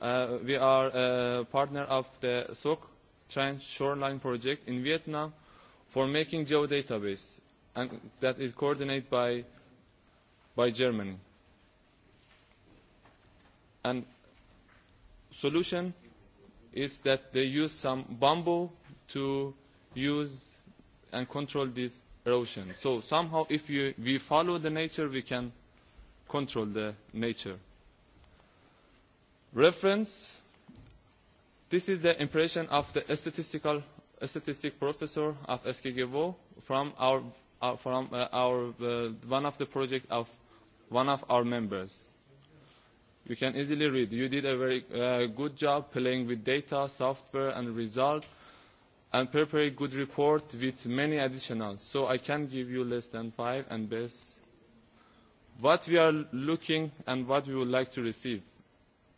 Uh, we are a partner of the SOC Trench Shoreline Project in Vietnam for making geodatabase and that is coordinated by, by Germany. And solution is that they use some bamboo to use and control this erosion. So somehow if you, we follow the nature, we can control the nature. Reference. This is the impression of the statistical statistic professor of SKGVO from our uh, from uh, our uh, one of the project of one of our members. You can easily read. You did a very uh, good job playing with data, software, and result, and prepare a good report with many additional. So I can give you less than five and best. What we are looking and what we would like to receive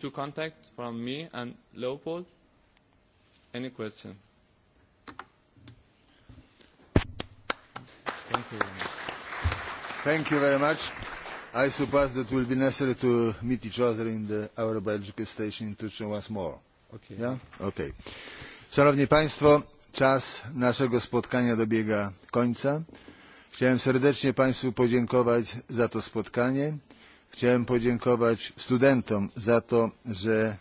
two contacts from me and Leopold. Any question? Thank you very much. Thank you very much. I suppose that it will be necessary to meet each other in the aerobiological station in Tucson once more. Okay. Yeah? Okay. Szanowni Państwo, czas naszego spotkania dobiega końca. Chciałem serdecznie Państwu podziękować za to spotkanie Chciałem podziękować studentom za to, że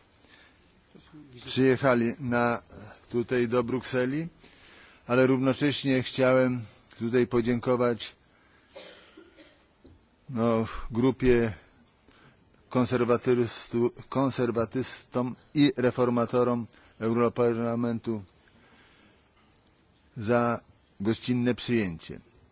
przyjechali na, tutaj do Brukseli, ale równocześnie chciałem tutaj podziękować no, grupie konserwatystom i reformatorom Europarlamentu za gościnne przyjęcie.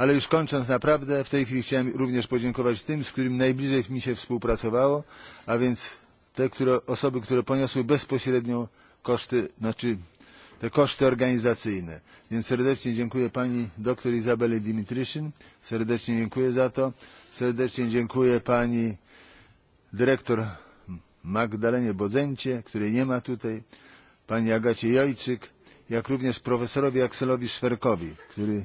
ale już kończąc naprawdę w tej chwili chciałem również podziękować tym z którymi najbliżej mi się współpracowało a więc te osoby które poniosły bezpośrednio koszty znaczy te koszty organizacyjne. Więc serdecznie dziękuję pani dr Izabeli Dimitryshin, serdecznie dziękuję za to, serdecznie dziękuję pani dyrektor Magdalenie Bodzencie, której nie ma tutaj, pani Agacie Jojczyk, jak również profesorowi Akselowi Szwerkowi, który